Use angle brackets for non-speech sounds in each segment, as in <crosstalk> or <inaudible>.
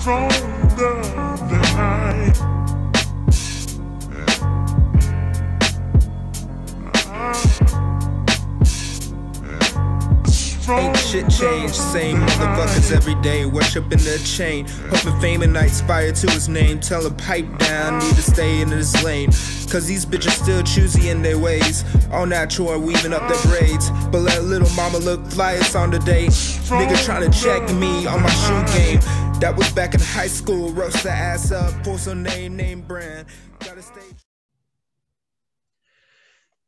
stronger than I. Ain't shit changed, same motherfuckers every day, worshiping the chain. Hoping fame and I aspire to his name. Tell a pipe down, need to stay in his lane. Cause these bitches still choosy in their ways. All natural weaving up their braids. But let little mama look fly, it's on the day. Nigga trying to check me on my shoe game. That was back in high school. Roast the ass up, a name, name brand. Gotta stay.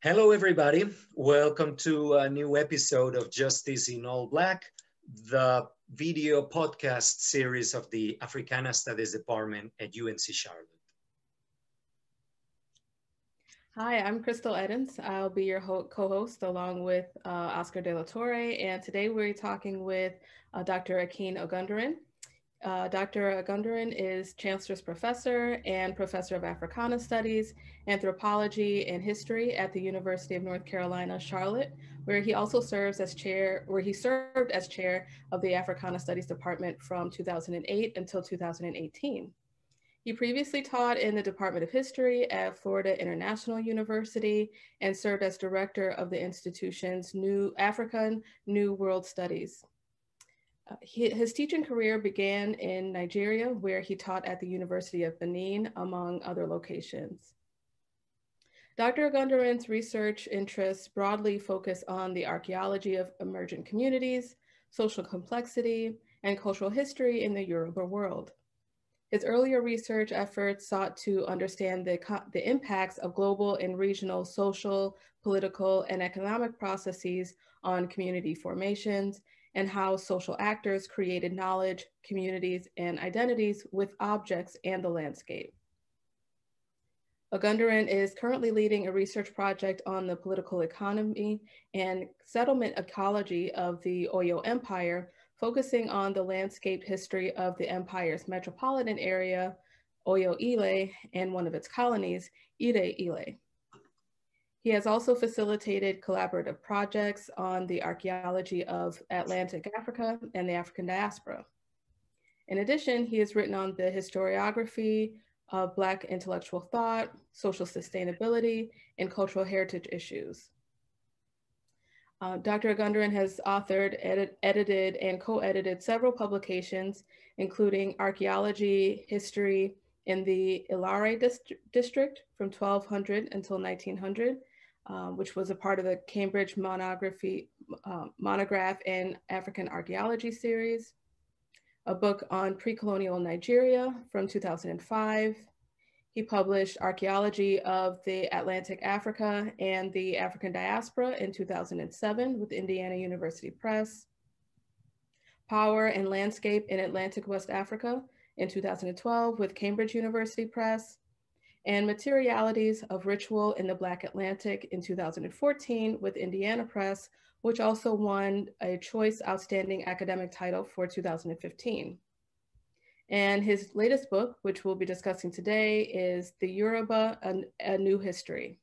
Hello, everybody. Welcome to a new episode of Justice in All Black, the video podcast series of the Africana Studies Department at UNC Charlotte. Hi, I'm Crystal Edens. I'll be your ho- co-host along with uh, Oscar De La Torre, and today we're talking with uh, Dr. Akin Ogundaran. Uh, Dr. Gundaran is Chancellor's Professor and Professor of Africana Studies, Anthropology, and History at the University of North Carolina, Charlotte, where he also serves as chair, where he served as chair of the Africana Studies Department from 2008 until 2018. He previously taught in the Department of History at Florida International University and served as director of the institution's New African New World Studies he, his teaching career began in Nigeria, where he taught at the University of Benin, among other locations. Dr. Gundaran's research interests broadly focus on the archaeology of emergent communities, social complexity, and cultural history in the Yoruba world. His earlier research efforts sought to understand the, the impacts of global and regional social, political, and economic processes on community formations and how social actors created knowledge, communities, and identities with objects and the landscape. Agundaran is currently leading a research project on the political economy and settlement ecology of the Oyo Empire, focusing on the landscape history of the empire's metropolitan area, Oyo Ile, and one of its colonies, Ire Ile. He has also facilitated collaborative projects on the archaeology of Atlantic Africa and the African diaspora. In addition, he has written on the historiography of Black intellectual thought, social sustainability, and cultural heritage issues. Uh, Dr. Agundaran has authored, edit, edited, and co-edited several publications, including Archaeology, History in the Ilare dist District from 1200 until 1900, um, which was a part of the Cambridge monography, uh, monograph in African archaeology series, a book on pre-colonial Nigeria from 2005. He published Archaeology of the Atlantic Africa and the African Diaspora in 2007 with Indiana University Press. Power and Landscape in Atlantic West Africa in 2012 with Cambridge University Press and Materialities of Ritual in the Black Atlantic in 2014 with Indiana Press, which also won a Choice Outstanding Academic Title for 2015. And his latest book, which we'll be discussing today, is The Yoruba, A, a New History.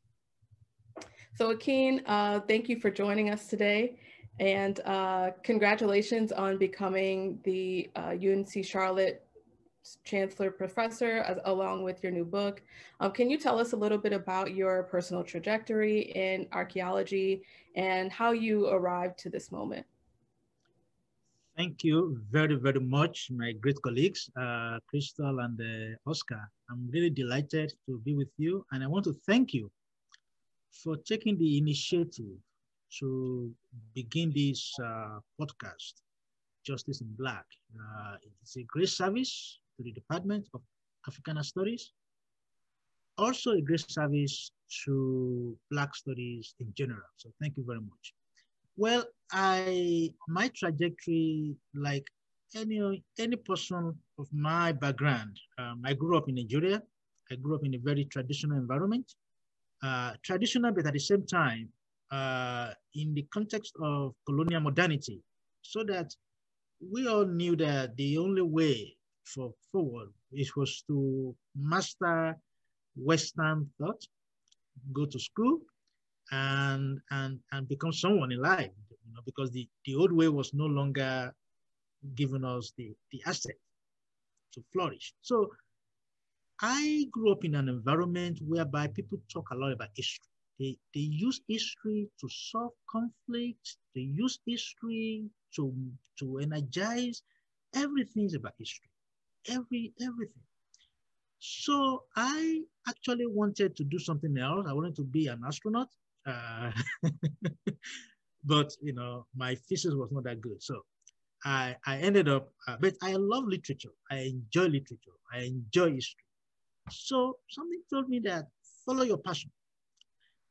So Akin, uh, thank you for joining us today. And uh, congratulations on becoming the uh, UNC Charlotte Chancellor Professor, as, along with your new book. Um, can you tell us a little bit about your personal trajectory in archaeology and how you arrived to this moment? Thank you very, very much, my great colleagues, uh, Crystal and uh, Oscar. I'm really delighted to be with you, and I want to thank you for taking the initiative to begin this uh, podcast, Justice in Black. Uh, it's a great service to the Department of Africana Studies. Also a great service to Black studies in general. So thank you very much. Well, I my trajectory, like any any person of my background, um, I grew up in Nigeria. I grew up in a very traditional environment, uh, traditional, but at the same time, uh, in the context of colonial modernity, so that we all knew that the only way for forward. It was to master Western thought, go to school, and and and become someone in life. You know, because the the old way was no longer giving us the the asset to flourish. So I grew up in an environment whereby people talk a lot about history. They, they use history to solve conflicts. They use history to, to energize. Everything's about history every everything. So I actually wanted to do something else. I wanted to be an astronaut, uh, <laughs> but you know my thesis was not that good. So I, I ended up, uh, but I love literature. I enjoy literature. I enjoy history. So something told me that follow your passion.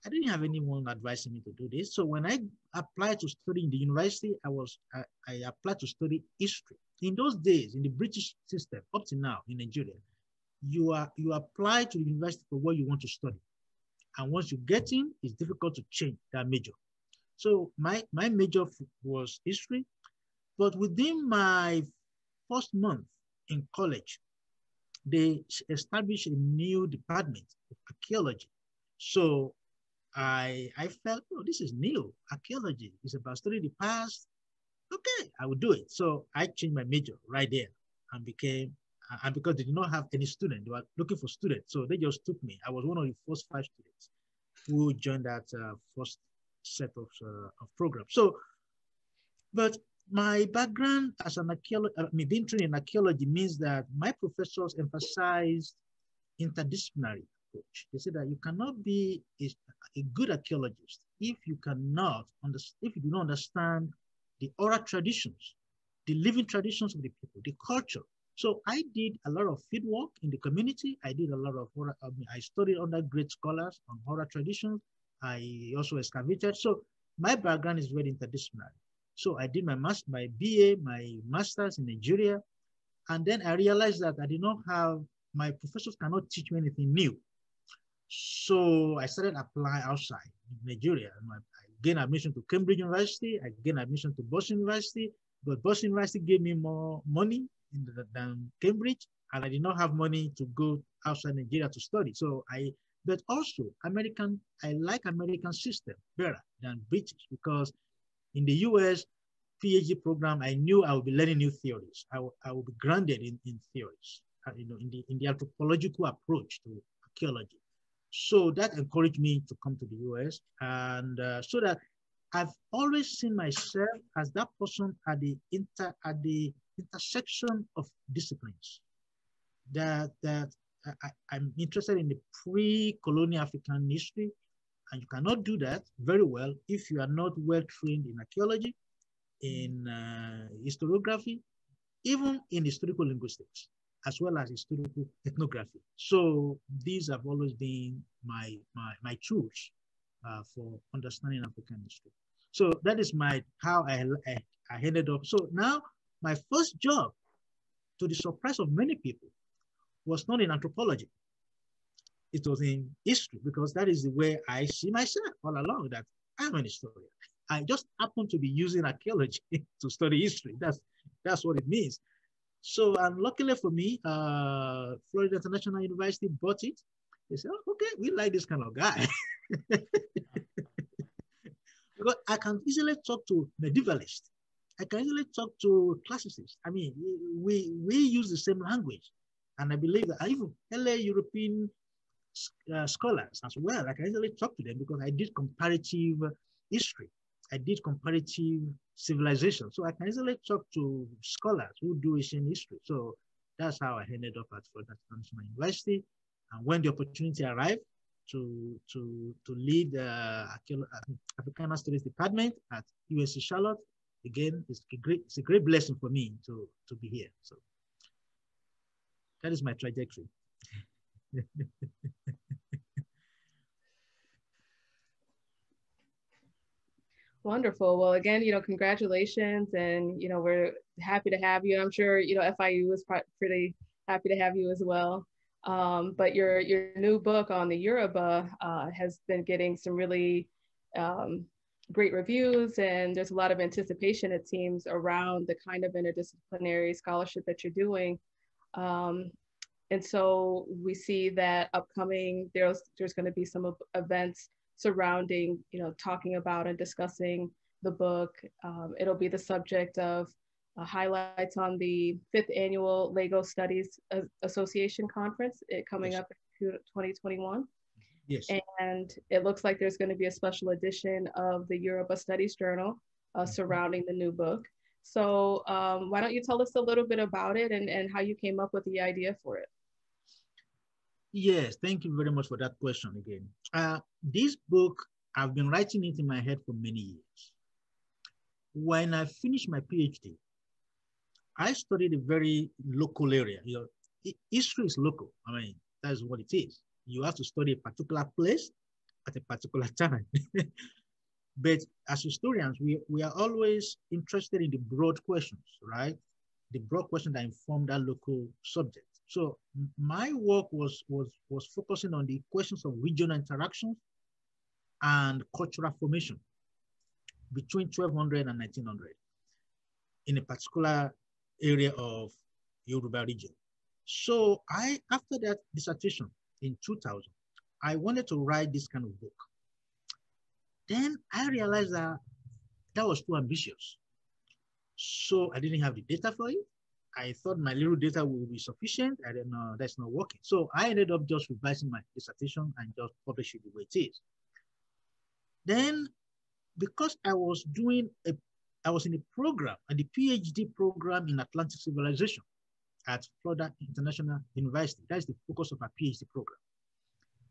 I didn't have anyone advising me to do this. So when I applied to study in the university, I was I, I applied to study history. In those days, in the British system, up to now in Nigeria, you are you apply to the university for what you want to study. And once you get in, it's difficult to change that major. So my, my major was history, but within my first month in college, they established a new department of archaeology. So I, I felt, oh, this is new. Archaeology is about studying the past, okay, I will do it. So I changed my major right there and became, and because they did not have any student, they were looking for students. So they just took me. I was one of the first five students who joined that uh, first set of, uh, of programs. So, but my background as an archaeologist, I mean, being trained in archaeology means that my professors emphasized interdisciplinary approach. They said that you cannot be a, a good archaeologist if you cannot, understand. if you do not understand the oral traditions, the living traditions of the people, the culture. So I did a lot of fieldwork in the community. I did a lot of oral, I, mean, I studied under great scholars on oral traditions. I also excavated. So my background is very interdisciplinary. So I did my master, my BA, my master's in Nigeria. And then I realized that I did not have, my professors cannot teach me anything new. So I started applying outside Nigeria. And I, I gained admission to Cambridge University. I gained admission to Boston University, but Boston University gave me more money the, than Cambridge, and I did not have money to go outside Nigeria to study. So I, but also American, I like American system better than British because in the US PhD program, I knew I would be learning new theories. I, I would be grounded in, in theories, uh, you know, in the, in the anthropological approach to archaeology. So that encouraged me to come to the US. And uh, so that I've always seen myself as that person at the, inter, at the intersection of disciplines. That, that I, I'm interested in the pre-colonial African history, and you cannot do that very well if you are not well trained in archaeology, in uh, historiography, even in historical linguistics as well as historical ethnography. So these have always been my, my, my tools uh, for understanding African history. So that is my, how I, I, I ended up. So now my first job, to the surprise of many people, was not in anthropology. It was in history because that is the way I see myself all along that I'm an historian. I just happen to be using archaeology <laughs> to study history. That's, that's what it means. So, and luckily for me, uh, Florida International University bought it. They said, oh, okay, we like this kind of guy. <laughs> because I can easily talk to medievalists. I can easily talk to classicists. I mean, we, we use the same language. And I believe that even LA European uh, scholars as well, I can easily talk to them because I did comparative history. I did comparative civilization. So I can easily talk to scholars who do Asian history. So that's how I ended up at Florida International University. And when the opportunity arrived to to to lead the uh, African uh, Africana Studies Department at USC Charlotte, again, it's a great it's a great blessing for me to to be here. So that is my trajectory. <laughs> wonderful. Well, again, you know, congratulations, and you know, we're happy to have you. I'm sure you know FIU was pretty happy to have you as well. Um, but your your new book on the Yoruba uh, has been getting some really um, great reviews, and there's a lot of anticipation, it seems, around the kind of interdisciplinary scholarship that you're doing. Um, and so we see that upcoming there's there's going to be some events surrounding, you know, talking about and discussing the book. Um, it'll be the subject of uh, highlights on the fifth annual LEGO Studies Association Conference it, coming yes. up in 2021. Yes. And it looks like there's going to be a special edition of the Europa Studies Journal uh, mm-hmm. surrounding the new book. So um, why don't you tell us a little bit about it and, and how you came up with the idea for it? Yes, thank you very much for that question again. Uh, this book, I've been writing it in my head for many years. When I finished my PhD, I studied a very local area. You know, history is local. I mean, that's what it is. You have to study a particular place at a particular <laughs> time. but as historians, we, we are always interested in the broad questions, right? The broad questions that inform that local subject. So my work was, was, was focusing on the questions of regional interactions and cultural formation between 1200 and 1900 in a particular area of Yoruba region. So I, after that dissertation in 2000, I wanted to write this kind of book. Then I realized that that was too ambitious. So I didn't have the data for it. I thought my little data will be sufficient. I didn't know that's not working. So I ended up just revising my dissertation and just publish it the way it is. Then because I was doing a, I was in a program, and the PhD program in Atlantic Civilization at Florida International University. That's the focus of my PhD program.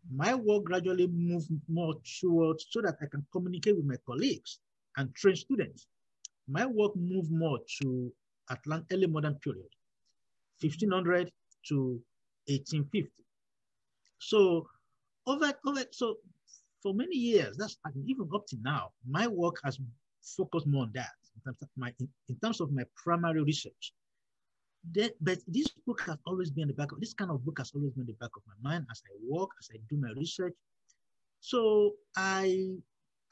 My work gradually moved more towards so that I can communicate with my colleagues and train students. My work moved more to Atlant early modern period, 1500 to 1850. So over, over, so for many years, that's even up to now, my work has focused more on that in terms of my, in, in terms of my primary research. That, but this book has always been the back of, this kind of book has always been the back of my mind as I work, as I do my research. So I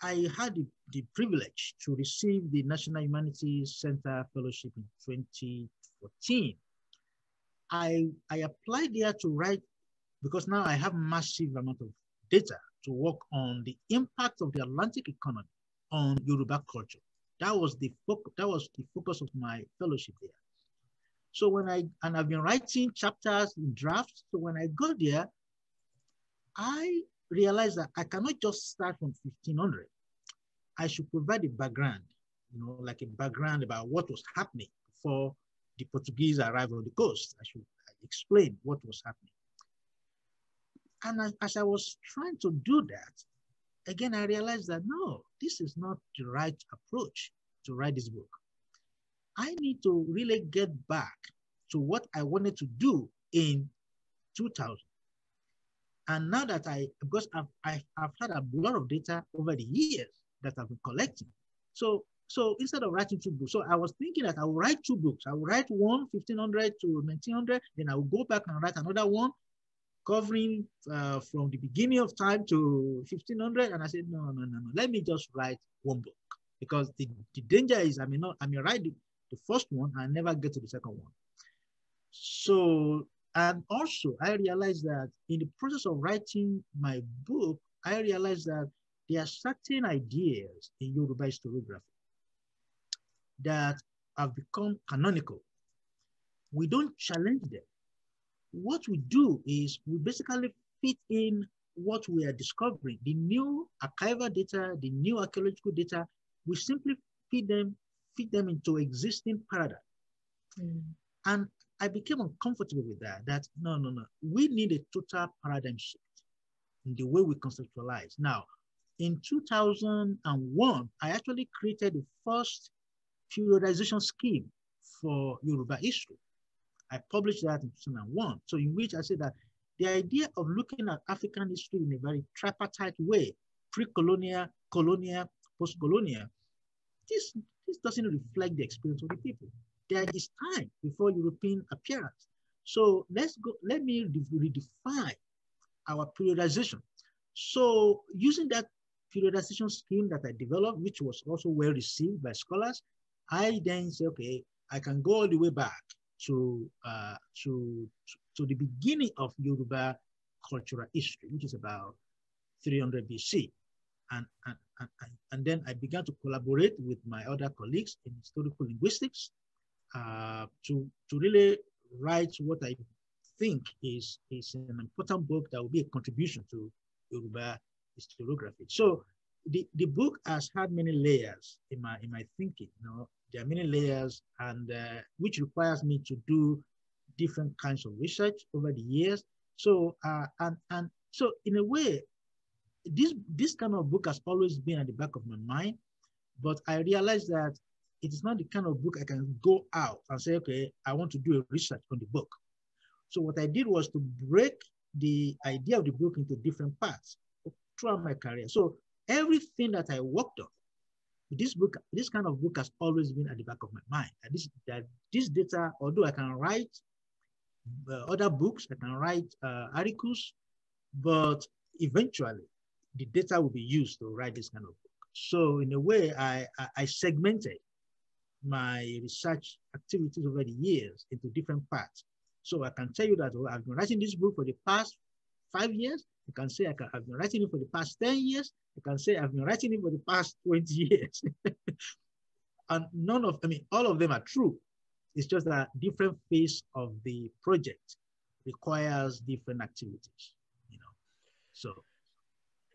I had the, the privilege to receive the National Humanities Center Fellowship in 2014. I, I applied there to write because now I have massive amount of data to work on the impact of the Atlantic economy on Yoruba culture. That was the focus, that was the focus of my fellowship there. So when I and I've been writing chapters in drafts. So when I got there, I realized that I cannot just start from 1500. I should provide a background, you know, like a background about what was happening before the Portuguese arrived on the coast. I should explain what was happening. And as, as I was trying to do that, again, I realized that no, this is not the right approach to write this book. I need to really get back to what I wanted to do in 2000. And now that I, because I've, I've had a lot of data over the years, that I've been collecting. So, so instead of writing two books, so I was thinking that I will write two books. I will write one, 1500 to 1900, then I will go back and write another one covering uh, from the beginning of time to 1500. And I said, no, no, no, no, let me just write one book because the, the danger is I may not, I may write the, the first one and never get to the second one. So, and also I realized that in the process of writing my book, I realized that there are certain ideas in Yoruba historiography that have become canonical. We don't challenge them. What we do is we basically fit in what we are discovering, the new archival data, the new archaeological data, we simply feed them, feed them into existing paradigm. Mm. And I became uncomfortable with that, that no, no, no, we need a total paradigm shift in the way we conceptualize. Now, in 2001, I actually created the first periodization scheme for Yoruba history. I published that in 2001. So in which I said that the idea of looking at African history in a very tripartite way, pre-colonial, colonial, post-colonial, this, this doesn't reflect the experience of the people. There is time before European appearance. So let's go, let me redefine our periodization. So using that periodization scheme that I developed, which was also well received by scholars, I then say, okay, I can go all the way back to, uh, to, to the beginning of Yoruba cultural history, which is about 300 BC. And, and, and, and then I began to collaborate with my other colleagues in historical linguistics uh, to, to really write what I think is, is an important book that will be a contribution to Yoruba historiography. So the, the book has had many layers in my in my thinking. You know, there are many layers, and uh, which requires me to do different kinds of research over the years. So uh, and and so in a way, this this kind of book has always been at the back of my mind, but I realized that it is not the kind of book I can go out and say, okay, I want to do a research on the book. So what I did was to break the idea of the book into different parts throughout my career. So everything that I worked on, this book, this kind of book has always been at the back of my mind. And this, that this data, although I can write uh, other books, I can write uh, articles, but eventually the data will be used to write this kind of book. So in a way, I, I, I segmented my research activities over the years into different parts. So I can tell you that well, I've been writing this book for the past five years, you can say I have been writing it for the past 10 years. You can say I've been writing it for the past 20 <laughs> years. and none of, I mean, all of them are true. It's just that different phase of the project requires different activities, you know, so.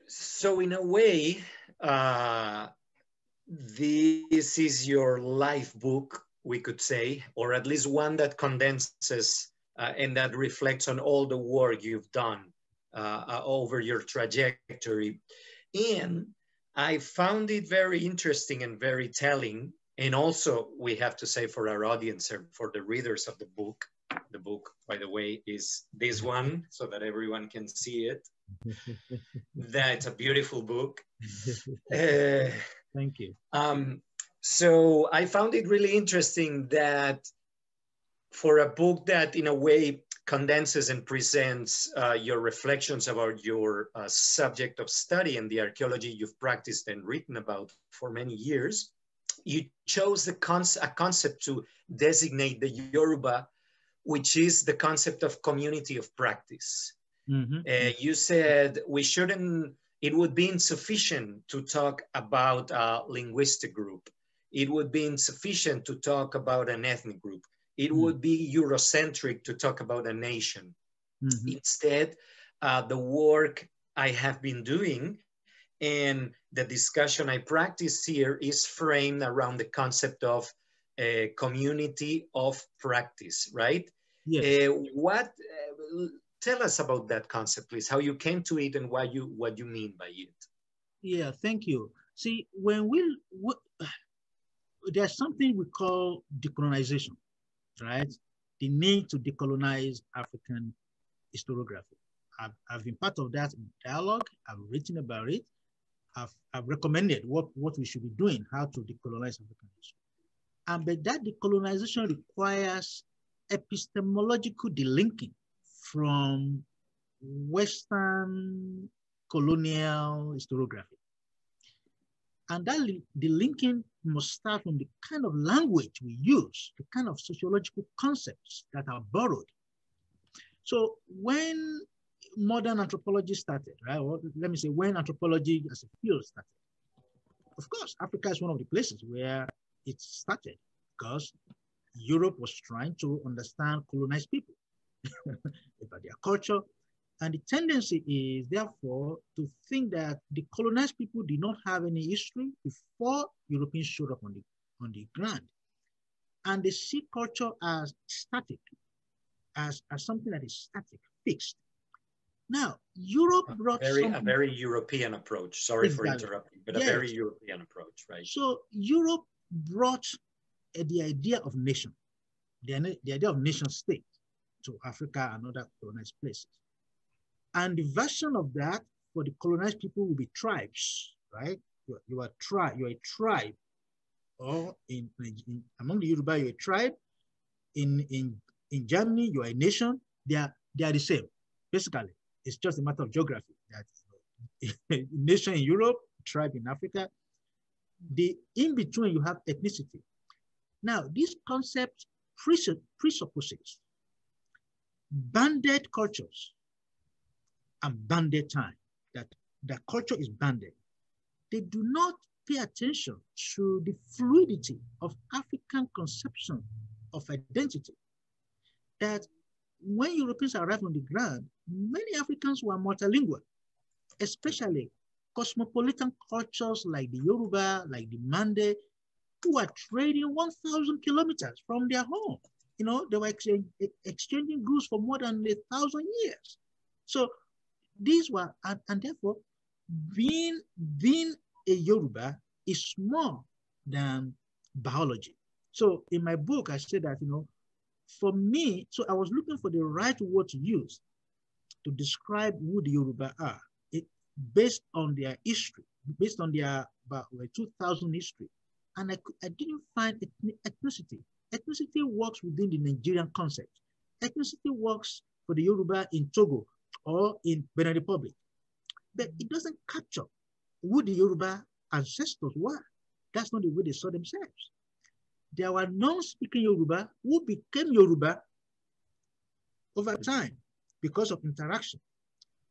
So in a way, uh, this is your life book, we could say, or at least one that condenses uh, and that reflects on all the work you've done uh, uh, over your trajectory. And I found it very interesting and very telling. And also, we have to say for our audience and for the readers of the book, the book, by the way, is this one so that everyone can see it. <laughs> That's a beautiful book. <laughs> Uh, Thank you. Um, so I found it really interesting that for a book that, in a way, condenses and presents uh, your reflections about your uh, subject of study and the archaeology you've practiced and written about for many years, you chose the cons a concept to designate the Yoruba, which is the concept of community of practice. Mm -hmm. uh, you said we shouldn't, it would be insufficient to talk about a linguistic group. It would be insufficient to talk about an ethnic group it mm would be Eurocentric to talk about a nation. Mm-hmm. Instead, uh, the work I have been doing and the discussion I practice here is framed around the concept of a community of practice, right? Yes. Uh, what? Uh, tell us about that concept, please. How you came to it and why you what you mean by it? Yeah, thank you. See, when we, we <sighs> there's something we call decolonization right? The need to decolonize African historiography. I've, I've been part of that dialogue. I've written about it. I've, I've recommended what, what we should be doing, how to decolonize African history. And but that decolonization requires epistemological delinking from Western colonial historiography. And that the linking must start from the kind of language we use, the kind of sociological concepts that are borrowed. So when modern anthropology started, right, or let me say when anthropology as a field started, of course, Africa is one of the places where it started because Europe was trying to understand colonized people <laughs> about their culture, and the tendency is, therefore, to think that the colonized people did not have any history before Europeans showed up on the, on the ground. And they see culture as static, as, as something that is static, fixed. Now, Europe a brought very, a very European approach. Sorry exactly. for interrupting, but yes. a very European approach, right? So Europe brought eh, the idea of nation, the, the idea of nation state to Africa and other colonized places. And the version of that for the colonized people will be tribes, right? You, you are tribe, you're a tribe. Or in, in, among the Yoruba, you're a tribe. In in in Germany, you're a nation. They are they are the same. Basically, it's just a matter of geography. That <laughs> nation in Europe, tribe in Africa. The in between you have ethnicity. Now, this concept presupposes banded cultures and banded time, that the culture is banded, they do not pay attention to the fluidity of African conception of identity. That when Europeans arrived on the ground, many Africans were multilingual, especially cosmopolitan cultures like the Yoruba, like the Mande, who are trading 1,000 kilometers from their home. You know, they were exchanging goods for more than a thousand years. So these were, and, and therefore, being, being a Yoruba is more than biology. So in my book, I said that, you know, for me, so I was looking for the right word to use to describe who the Yoruba are it, based on their history, based on their about, well, 2000 history. And I, I didn't find ethnicity. Ethnicity works within the Nigerian concept. Ethnicity works for the Yoruba in Togo or in Benin Republic. But it doesn't capture who the Yoruba ancestors were. That's not the way they saw themselves. There were non-speaking Yoruba who became Yoruba over time because of interaction.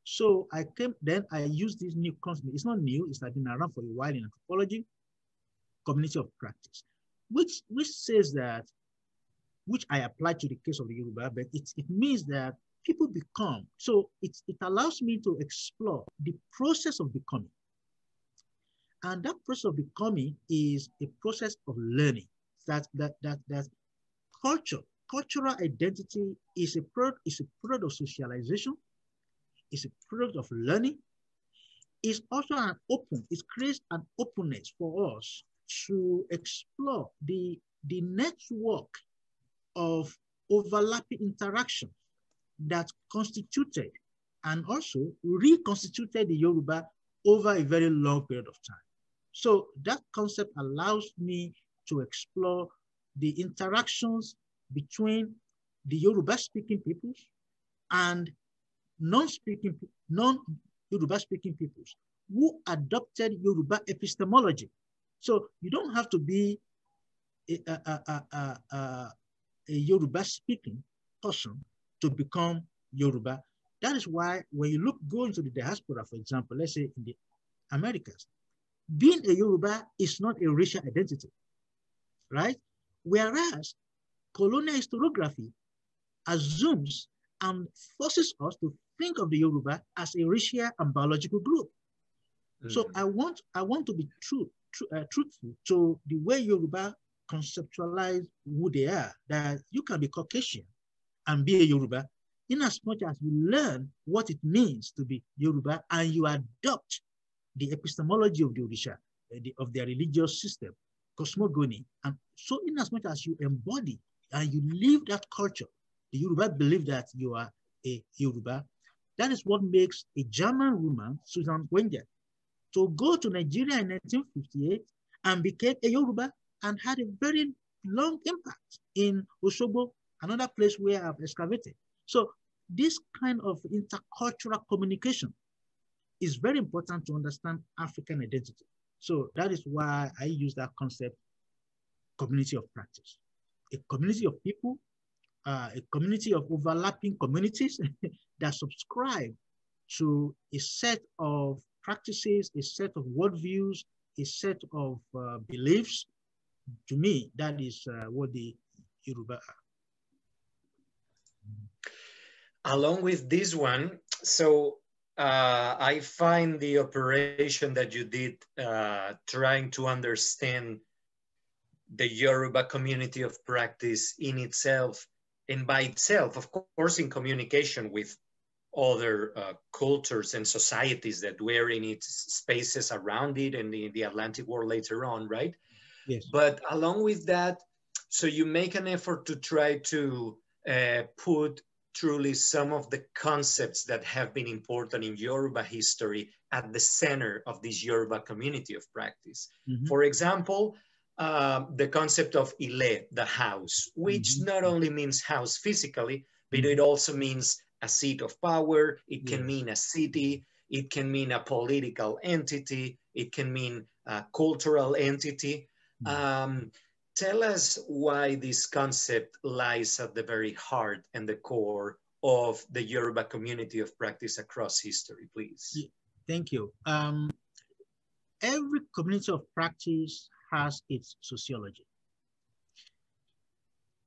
So I came, then I used this new concept. It's not new, it's like been around for a while in anthropology, community of practice, which, which says that, which I applied to the case of the Yoruba, but it, it means that people become. So it, it allows me to explore the process of becoming. And that process of becoming is a process of learning. That that that that culture, cultural identity is a product, is a product of socialization, is a product of learning, is also an open, it creates an openness for us to explore the, the network of overlapping interaction that constituted and also reconstituted the Yoruba over a very long period of time. So that concept allows me to explore the interactions between the Yoruba speaking peoples and non-speaking, non-Yoruba speaking peoples who adopted Yoruba epistemology. So you don't have to be a, a, a, a Yoruba speaking person to become Yoruba. That is why when you look, go into the diaspora, for example, let's say in the Americas, being a Yoruba is not a racial identity, right? Whereas colonial historiography assumes and forces us to think of the Yoruba as a racial and biological group. Mm. So I want, I want to be true, true uh, truthful to the way Yoruba conceptualize who they are, that you can be Caucasian and be a Yoruba, in as much as you learn what it means to be Yoruba and you adopt the epistemology of the Odisha, eh, of their religious system, cosmogony, and so in as much as you embody and you live that culture, the Yoruba believe that you are a Yoruba. That is what makes a German woman, Susan Wenger, to go to Nigeria in 1958 and became a Yoruba and had a very long impact in Osogbo another place where I've excavated. So this kind of intercultural communication is very important to understand African identity. So that is why I use that concept, community of practice. A community of people, uh, a community of overlapping communities <laughs> that subscribe to a set of practices, a set of worldviews, a set of uh, beliefs. To me, that is uh, what the Yoruba are along with this one, so uh, I find the operation that you did uh, trying to understand the Yoruba community of practice in itself and by itself, of course, in communication with other uh, cultures and societies that were in its spaces around it and in the Atlantic War later on, right? Yes. But along with that, so you make an effort to try to uh, put truly some of the concepts that have been important in Yoruba history at the center of this Yoruba community of practice. Mm-hmm. For example, uh, the concept of ile, the house, which mm-hmm. not only means house physically, but mm-hmm. it also means a seat of power, it can mean a city, it can mean a political entity, it can mean a cultural entity. Mm-hmm. Um, Tell us why this concept lies at the very heart and the core of the Yoruba community of practice across history, please. Thank you. Um, every community of practice has its sociology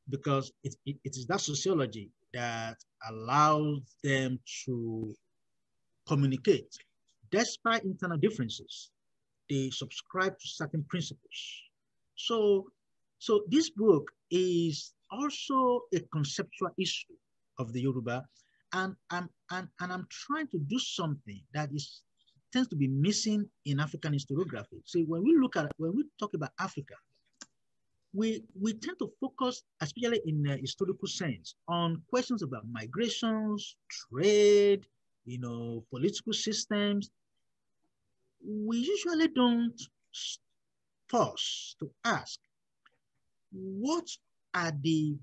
because it, it, it is that sociology that allows them to communicate despite internal differences. They subscribe to certain principles. So so this book is also a conceptual issue of the Yoruba, and I'm and, and I'm trying to do something that is tends to be missing in African historiography. So when we look at when we talk about Africa, we we tend to focus, especially in a historical sense, on questions about migrations, trade, you know, political systems. We usually don't pause to ask what are the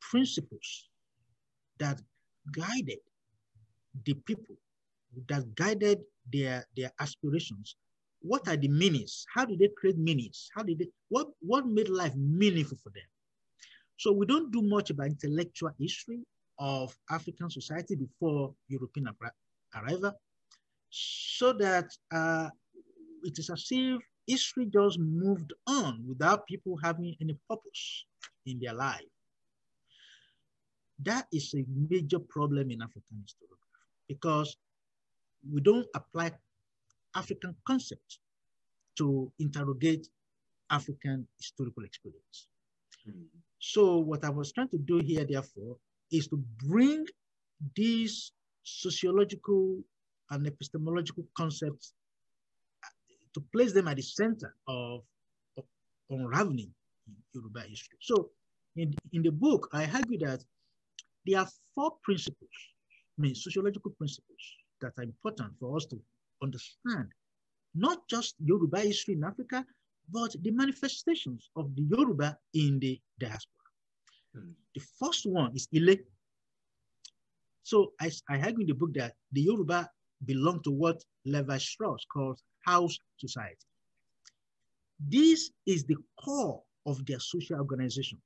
principles that guided the people, that guided their, their aspirations? What are the meanings? How did they create meanings? How did they, what, what made life meaningful for them? So we don't do much about intellectual history of African society before European arrival, so that uh, it is as if history just moved on without people having any purpose in their life. That is a major problem in African historiography because we don't apply African concepts to interrogate African historical experience. Mm. So what I was trying to do here, therefore, is to bring these sociological and epistemological concepts to place them at the center of, of unraveling Yoruba history. So in, in the book, I argue that there are four principles, I mean, sociological principles that are important for us to understand, not just Yoruba history in Africa, but the manifestations of the Yoruba in the diaspora. Mm The first one is Ile. So I, I argue in the book that the Yoruba belong to what Levi Strauss calls house society. This is the core of their social organization.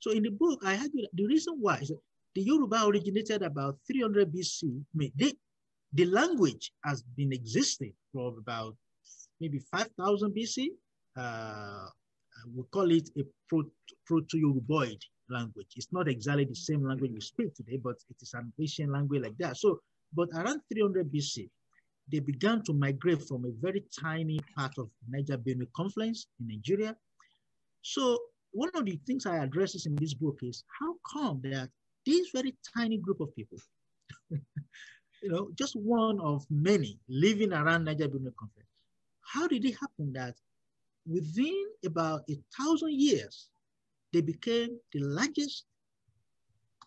So in the book, I had the reason why is that the Yoruba originated about 300 BC. I mean, they, the language has been existing for about maybe 5,000 BC. Uh, we call it a proto-Yoruboid language. It's not exactly the same language we speak today, but it is an ancient language like that. So, but around 300 BC, they began to migrate from a very tiny part of Niger Benue confluence in Nigeria. So one of the things I address in this book is how come that this very tiny group of people, <laughs> you know, just one of many living around Niger Benue confluence, how did it happen that within about a thousand years, they became the largest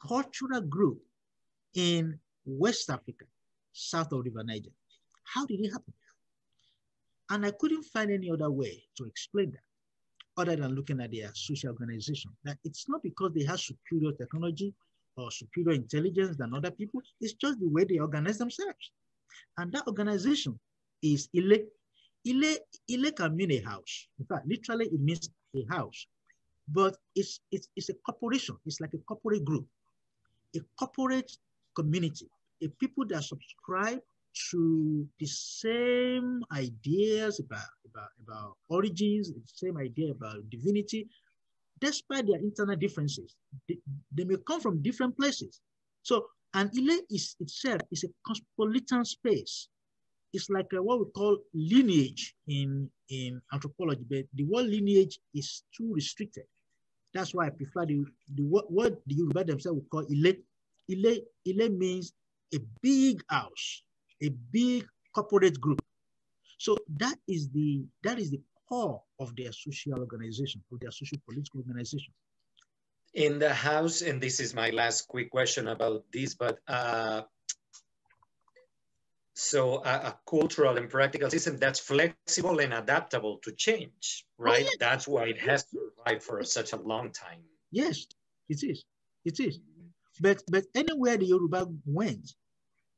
cultural group in West Africa, south of River Niger. How did it happen? And I couldn't find any other way to explain that other than looking at their social organization. That it's not because they have superior technology or superior intelligence than other people, it's just the way they organize themselves. And that organization is Ile. Ile, Ile can mean a house. In fact, literally it means a house. But it's, it's, it's a corporation. It's like a corporate group, a corporate community, a people that subscribe to the same ideas about, about, about origins, the same idea about divinity, despite their internal differences. They, they may come from different places. So and Ile is itself is a cosmopolitan space. It's like a, what we call lineage in, in anthropology, but the word lineage is too restricted. That's why I prefer the, the word, word the Yoruba themselves would call Ile. Ile, Ile means a big house a big corporate group. So that is the that is the core of their social organization, of their social political organization. In the house, and this is my last quick question about this, but uh, so a, a, cultural and practical system that's flexible and adaptable to change, oh, right? Oh, yes. That's why it has survived for such a long time. Yes, it is. It is. But but anywhere the Yoruba went,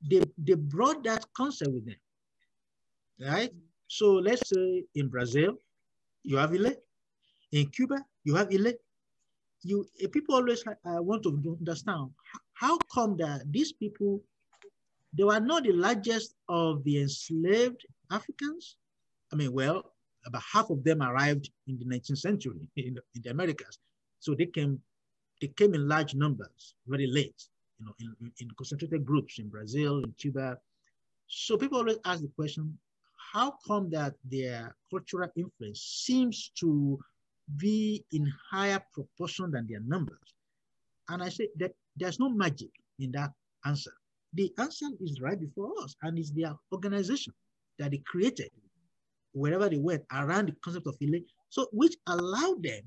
they, they brought that concept with them, right? So let's say in Brazil, you have ile. In Cuba, you have ile. You eh, people always I want to understand how come that these people they were not the largest of the enslaved Africans. I mean, well, about half of them arrived in the 19th century in, in the Americas, so they came they came in large numbers very late you know, in, in concentrated groups in Brazil, in Cuba. So people always ask the question, how come that their cultural influence seems to be in higher proportion than their numbers? And I say that there's no magic in that answer. The answer is right before us, and it's their organization that they created wherever they went around the concept of healing, so which allowed them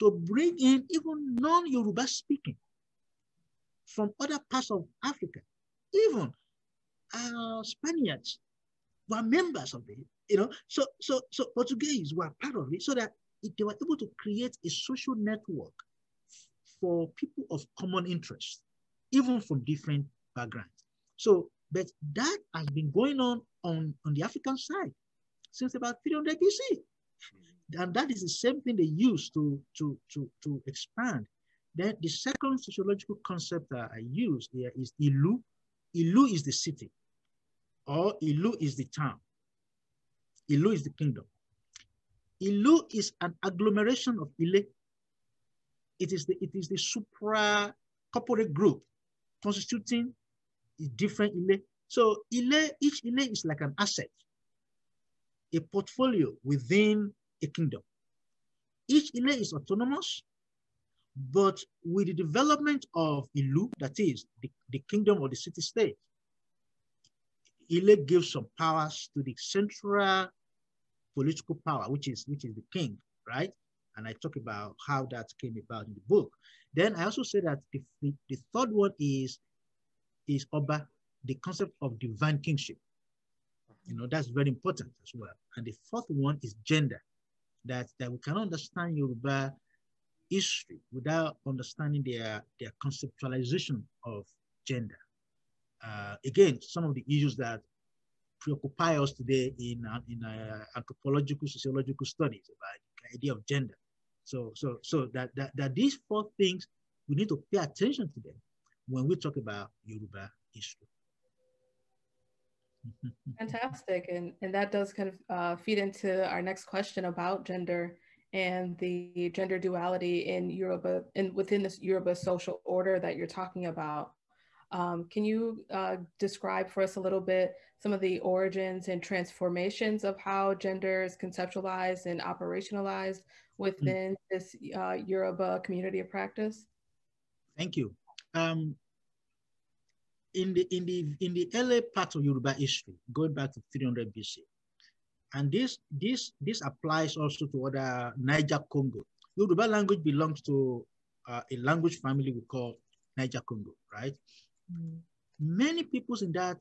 to bring in even non-Yoruba speaking from other parts of Africa, even uh, Spaniards were members of it, you know. So, so, so Portuguese were part of it, so that it, they were able to create a social network for people of common interest, even from different backgrounds. So, but that has been going on on, on the African side since about 300 BC. And that is the same thing they used to, to, to, to expand then the second sociological concept that I use there is Ilu. Ilu is the city, or Ilu is the town. Ilu is the kingdom. Ilu is an agglomeration of Ile. It is the, it is the supra corporate group constituting different Ile. So Ile, each Ile is like an asset, a portfolio within a kingdom. Each Ile is autonomous but with the development of Ilu, that is the, the kingdom or the city state, Ile gives some powers to the central political power, which is which is the king, right? And I talk about how that came about in the book. Then I also say that the, the third one is is Oba, the concept of divine kingship. You know, that's very important as well. And the fourth one is gender, that, that we can understand Yoruba history without understanding their, their conceptualization of gender. Uh, again, some of the issues that preoccupy us today in, uh, in uh, anthropological, sociological studies about the idea of gender. So, so, so that, that, that these four things, we need to pay attention to them when we talk about Yoruba history. Fantastic. And, and that does kind of uh, feed into our next question about gender and the gender duality in Yoruba and within this Yoruba social order that you're talking about. Um, can you uh, describe for us a little bit some of the origins and transformations of how gender is conceptualized and operationalized hmm. within mm-hmm. this uh, Yoruba community of practice? Thank you. Um, in the in the in the early part of Yoruba history, going back to 300 BC, and this, this, this applies also to other Niger Congo. Yoruba language belongs to uh, a language family we call Niger Congo, right? Mm. Many peoples in that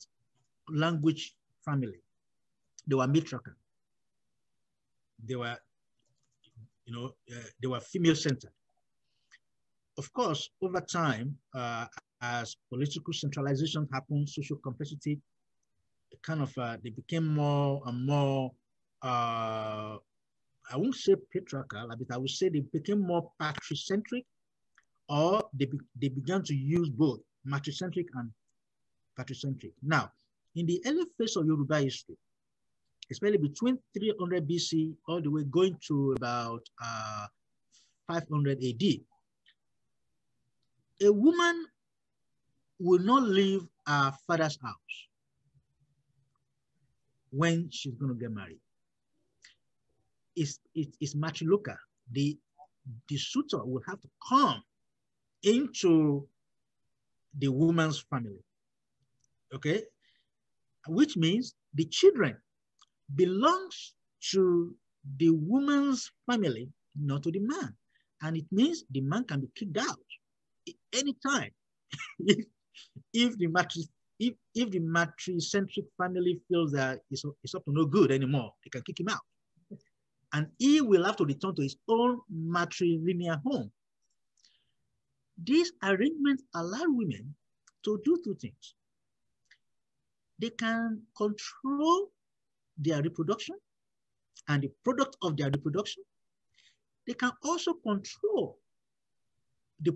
language family, they were matriarchal. They were, you know, uh, they were female-centered. Of course, over time, uh, as political centralization happened, social complexity, kind of, uh, they became more and more uh, I won't say patriarchal, but I would say they became more patricentric, or they, be, they began to use both matricentric and patricentric. Now, in the early phase of Yoruba history, especially between 300 BC all the way going to about uh, 500 AD, a woman will not leave her father's house when she's going to get married is, is, is The, the suitor will have to come into the woman's family. Okay? Which means the children belongs to the woman's family, not to the man. And it means the man can be kicked out anytime if, <laughs> if the matri- if, if the matricentric family feels that it's, it's up to no good anymore, they can kick him out and he will have to return to his own matrilineal home. These arrangements allow women to do two things. They can control their reproduction and the product of their reproduction. They can also control the,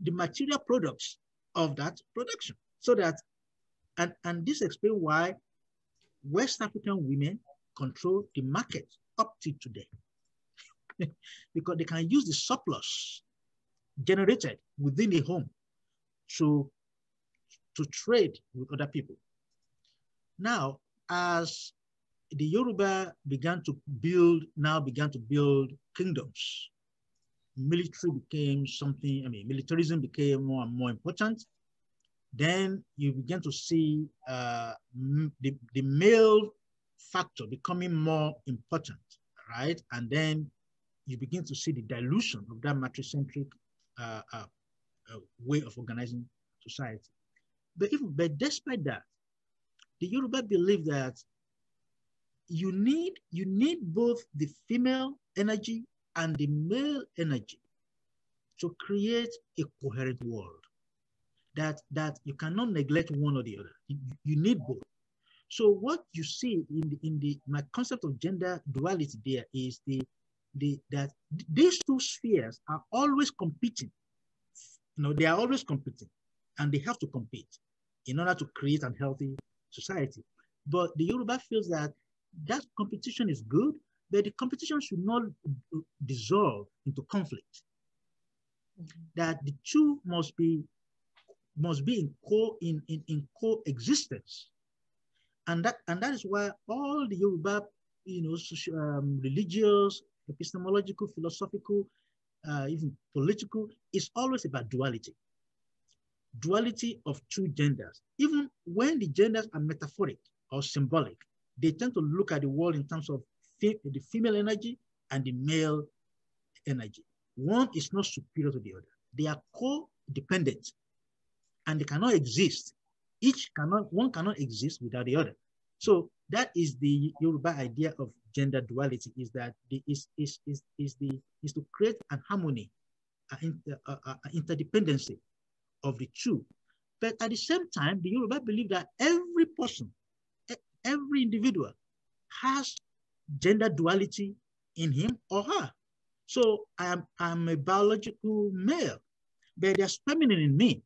the material products of that production. So that, and, and this explains why West African women control the market up to today. <laughs> because they can use the surplus generated within the home to, to trade with other people. Now, as the Yoruba began to build, now began to build kingdoms, military became something, I mean, militarism became more and more important. Then you begin to see uh, the, the male factor becoming more important, right? And then you begin to see the dilution of that matricentric uh, uh, uh, way of organizing society. But, if, but despite that, the Yoruba believe that you need, you need both the female energy and the male energy to create a coherent world. That, that you cannot neglect one or the other. you, you need both. So what you see in the, in the my concept of gender duality there is the, the that these two spheres are always competing. You know, they are always competing and they have to compete in order to create a healthy society. But the Yoruba feels that that competition is good, but the competition should not dissolve into conflict. Mm-hmm. That the two must be must be in co in, in, in coexistence and that, and that is why all the Yoruba, you know, social, um, religious, epistemological, philosophical, uh, even political, is always about duality. Duality of two genders. Even when the genders are metaphoric or symbolic, they tend to look at the world in terms of the female energy and the male energy. One is not superior to the other. They are co-dependent and they cannot exist each cannot, one cannot exist without the other. So that is the Yoruba idea of gender duality is that the, is, is, is, is, the, is to create an harmony, an, uh, uh, interdependency of the two. But at the same time, the Yoruba believe that every person, every individual has gender duality in him or her. So I am I'm a biological male, but there's feminine in me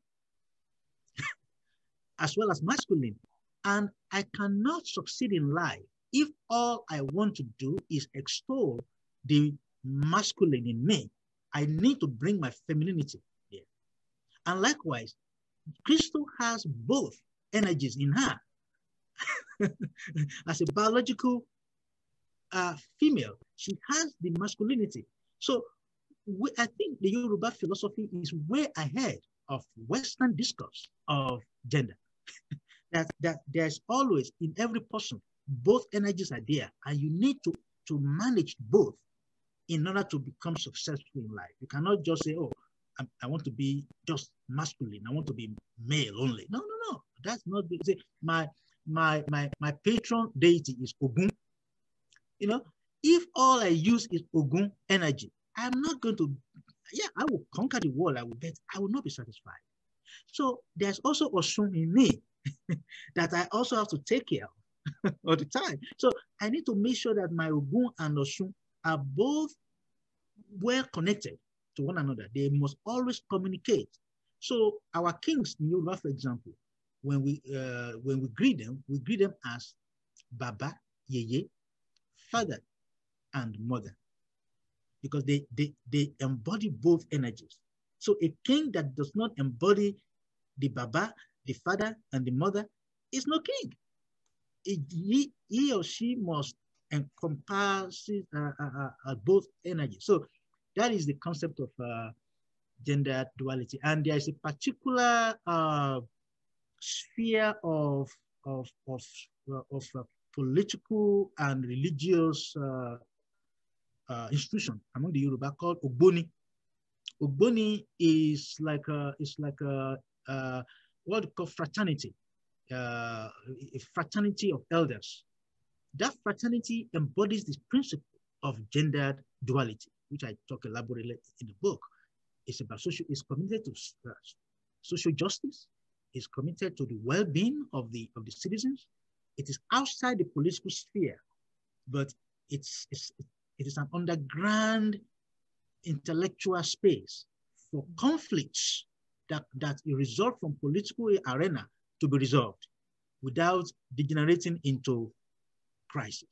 as well as masculine. And I cannot succeed in life if all I want to do is extol the masculine in me. I need to bring my femininity here. And likewise, Crystal has both energies in her. <laughs> as a biological uh, female, she has the masculinity. So we, I think the Yoruba philosophy is way ahead of Western discourse of gender that, that there's always in every person, both energies are there, and you need to, to manage both in order to become successful in life. You cannot just say, oh, I, I want to be just masculine. I want to be male only. No, no, no. That's not the, say, my my my my patron deity is Ogun. You know, if all I use is Ogun energy, I'm not going to. Yeah, I will conquer the world. I will bet. I will not be satisfied. So there's also Osun in me <laughs> that I also have to take care of <laughs> all the time. So I need to make sure that my Ogun and Osun are both well connected to one another. They must always communicate. So our kings in Yoruba, for example, when we uh, when we greet them, we greet them as Baba, Yeye, Father, and Mother, because they they they embody both energies. So a king that does not embody the Baba, the father, and the mother is no king. He, he or she must encompass uh, uh, uh, uh, uh both energy. So that is the concept of uh, gender duality. And there is a particular sphere of, of, of, of political and religious institution among the Yoruba called Ogboni. Ogboni is like a, is like a, a what called fraternity, uh, a fraternity of elders. That fraternity embodies this principle of gendered duality, which I talk elaborately in the book. It's about social, it's committed to uh, social justice, it's committed to the well-being of the, of the citizens. It is outside the political sphere, but it's, it's it is an underground intellectual space for conflicts that, that result from political arena to be resolved without degenerating into crisis.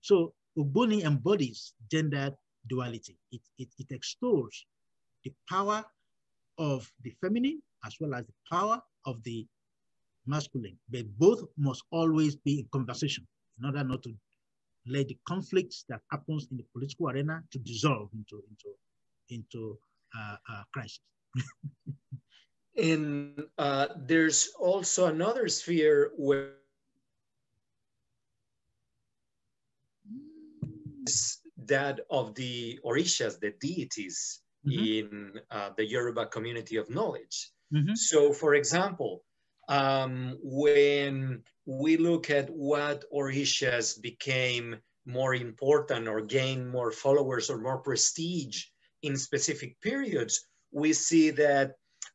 So Ogboni embodies gender duality. It, it, it extols the power of the feminine as well as the power of the masculine. But both must always be in conversation in order not to let the conflicts that happens in the political arena to dissolve into into into uh, uh, crisis. <laughs> and uh, there's also another sphere where that of the orishas, the deities mm -hmm. in uh, the Yoruba community of knowledge. Mm -hmm. So, for example, um, when we look at what orishas became more important or gained more followers or more prestige in specific periods, we see that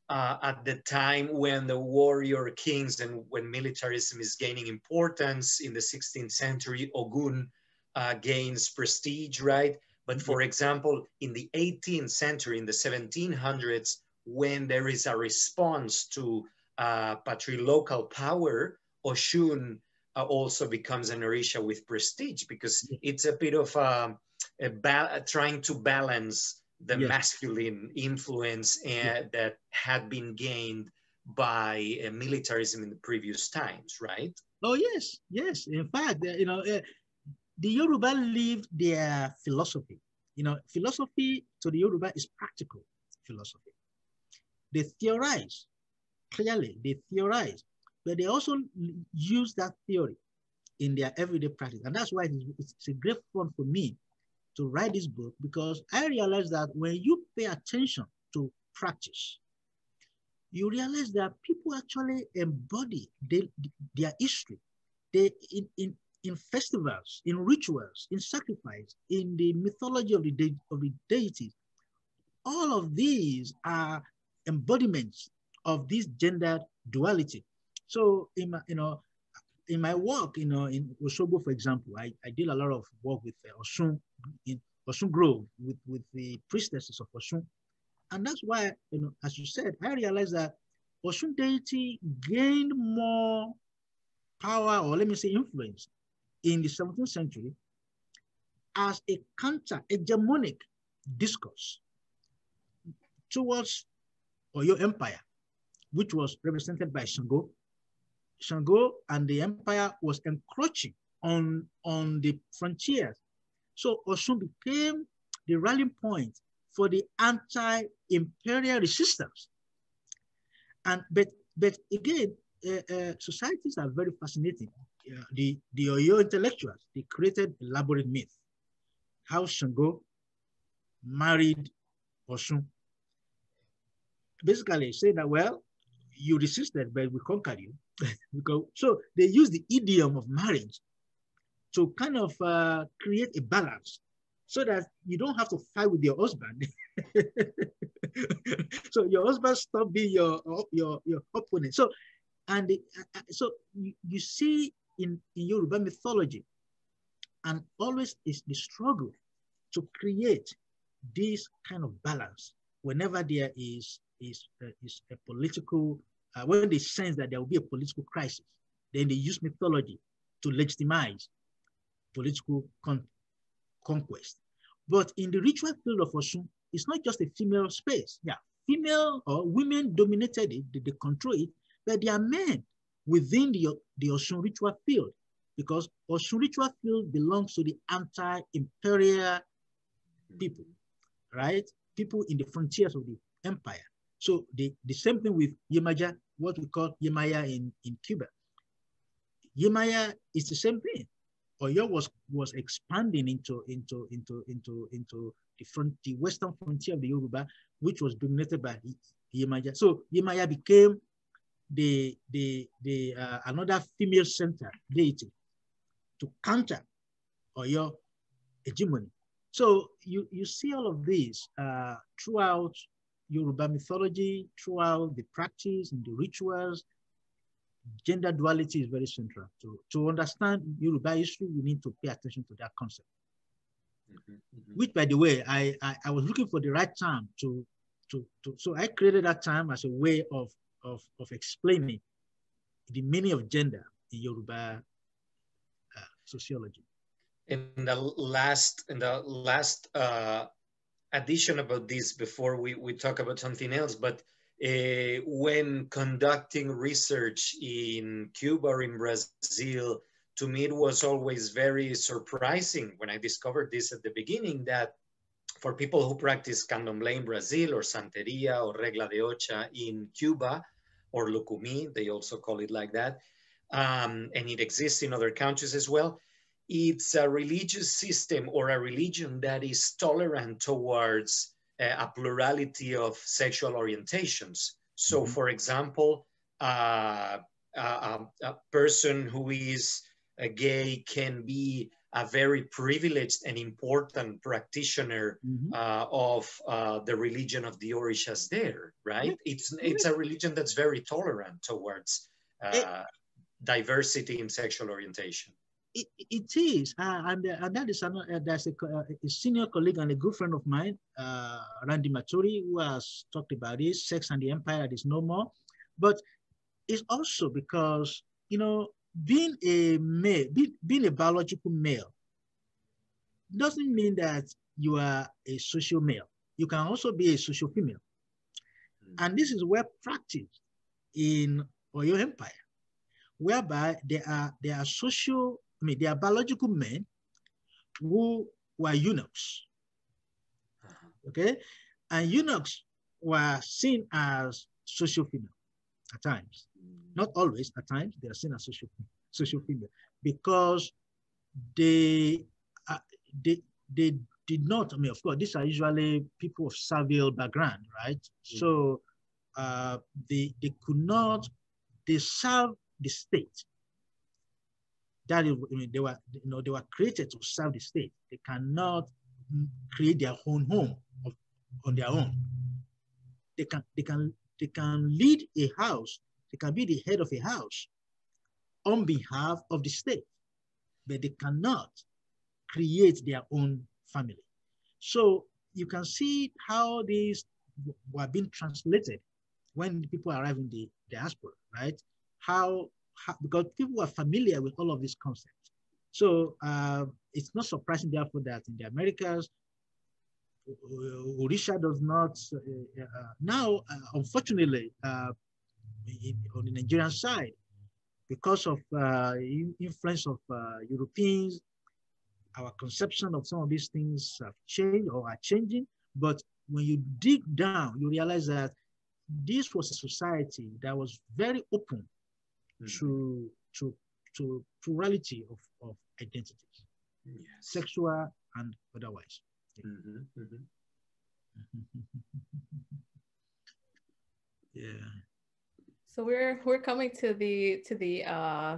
uh, at the time when the warrior kings and when militarism is gaining importance in the 16th century, Ogun uh, gains prestige, right? But for mm-hmm. example, in the 18th century, in the 1700s, when there is a response to uh, patrilocal power, Oshun uh, also becomes an Orisha with prestige because it's a bit of um, a, a trying to balance the yes. masculine influence uh, that had been gained by uh, militarism in the previous times, right? Oh, yes, yes. In fact, you know, uh, the Yoruba lived their philosophy. You know, philosophy to the Yoruba is practical philosophy. They theorize, clearly, they theorize, but they also use that theory in their everyday practice. And that's why it's a great fun for me to write this book because I realized that when you pay attention to practice, you realize that people actually embody their history. They in, in in festivals, in rituals, in sacrifice, in the mythology of the de- of the deities. All of these are embodiments of this gendered duality. So in my, you know, in my work, you know, in Osogbo, for example, I, I did a lot of work with uh, Osun in Osun Grove with, with the priestesses of Osun. And that's why, you know, as you said, I realized that Osun deity gained more power or let me say influence in the 17th century as a counter hegemonic discourse towards Oyo Empire which was represented by Shango. Shango and the empire was encroaching on, on the frontiers. So Osun became the rallying point for the anti-imperial resistance. And but but again, uh, uh, societies are very fascinating. Uh, the the Oyo intellectuals they created elaborate myth how Shango married Osun. Basically, say that well, you resisted, but we conquered <laughs> you. because, so they use the idiom of marriage to kind of uh, create a balance so that you don't have to fight with your husband. <laughs> so your husband stop being your, your, your opponent. So, and the, uh, so you, you, see in, in Yoruba mythology, and always is the struggle to create this kind of balance whenever there is is, uh, is a political, uh, when they sense that there will be a political crisis, then they use mythology to legitimize political con conquest. But in the ritual field of Osun, it's not just a female space. Yeah, female or women dominated it, they, they control it, but there are men within the, the Osun ritual field because Osun ritual field belongs to the anti-imperial people, right? People in the frontiers of the empire. So the, the same thing with Yemaya, what we call Yemaya in, in Cuba. Yemaya is the same thing. Oyo was was expanding into into into into into the front the western frontier of the Yoruba, which was dominated by Yemaya. So Yemaya became the the the uh, another female center deity to counter Oyo hegemony. So you you see all of these uh, throughout Yoruba mythology, throughout the practice and the rituals, gender duality is very central. To, to understand Yoruba history, we need to pay attention to that concept. Mm -hmm, mm -hmm. Which, by the way, I, I, I, was looking for the right term to, to, to, so I created that term as a way of, of, of explaining the meaning of gender in Yoruba uh, sociology. In the last, in the last uh, addition about this before we, we talk about something else, but uh, when conducting research in Cuba or in Brazil, to me it was always very surprising when I discovered this at the beginning that for people who practice candomblé in Brazil or Santeria or Regla de Ocha in Cuba or Lucumi, they also call it like that, um, and it exists in other countries as well, it's a religious system or a religion that is tolerant towards uh, a plurality of sexual orientations. So, mm-hmm. for example, uh, a, a, person who is uh, gay can be a very privileged and important practitioner mm-hmm. uh, of uh, the religion of the Orishas there, right? Mm-hmm. It's, it's a religion that's very tolerant towards it, eh uh, diversity in sexual orientation it, it is, ah, uh, and, and that is another, uh, a, uh, a, senior colleague and a good friend of mine, uh, Randy Maturi, who has talked about this, Sex and the Empire that is no more. But it's also because, you know, being a male, be, being a biological male, doesn't mean that you are a social male. You can also be a social female. Hmm. And this is where practice in Oyo Empire, whereby there are, there are social I mean, they are biological men who were eunuchs. Uh-huh. Okay? And eunuchs were seen as social female at times. Mm. Not always, at times, they are seen as social, social female because they, uh, they, they did not, I mean, of course, these are usually people of servile background, right? Mm. So uh, they, they could not, they served the state that is, I mean, they were, you know, they were created to serve the state. They cannot create their own home of, on their own. They can, they can, they can lead a house. They can be the head of a house on behalf of the state, but they cannot create their own family. So you can see how these were being translated when people arrive in the diaspora, right? How because people are familiar with all of these concepts. So uh, it's not surprising, therefore, that in the Americas, Orisha does not. Uh, uh, now, uh, unfortunately, uh, in, on the Nigerian side, because of uh, influence of Europeans, our conception of some of these things have changed or are changing. But when you dig down, you realize that this was a society that was very open Mm. to, to, to plurality of, of identities, yes. sexual and otherwise. Yeah. Mm-hmm, mm-hmm. <laughs> yeah. So we're we're coming to the to the uh,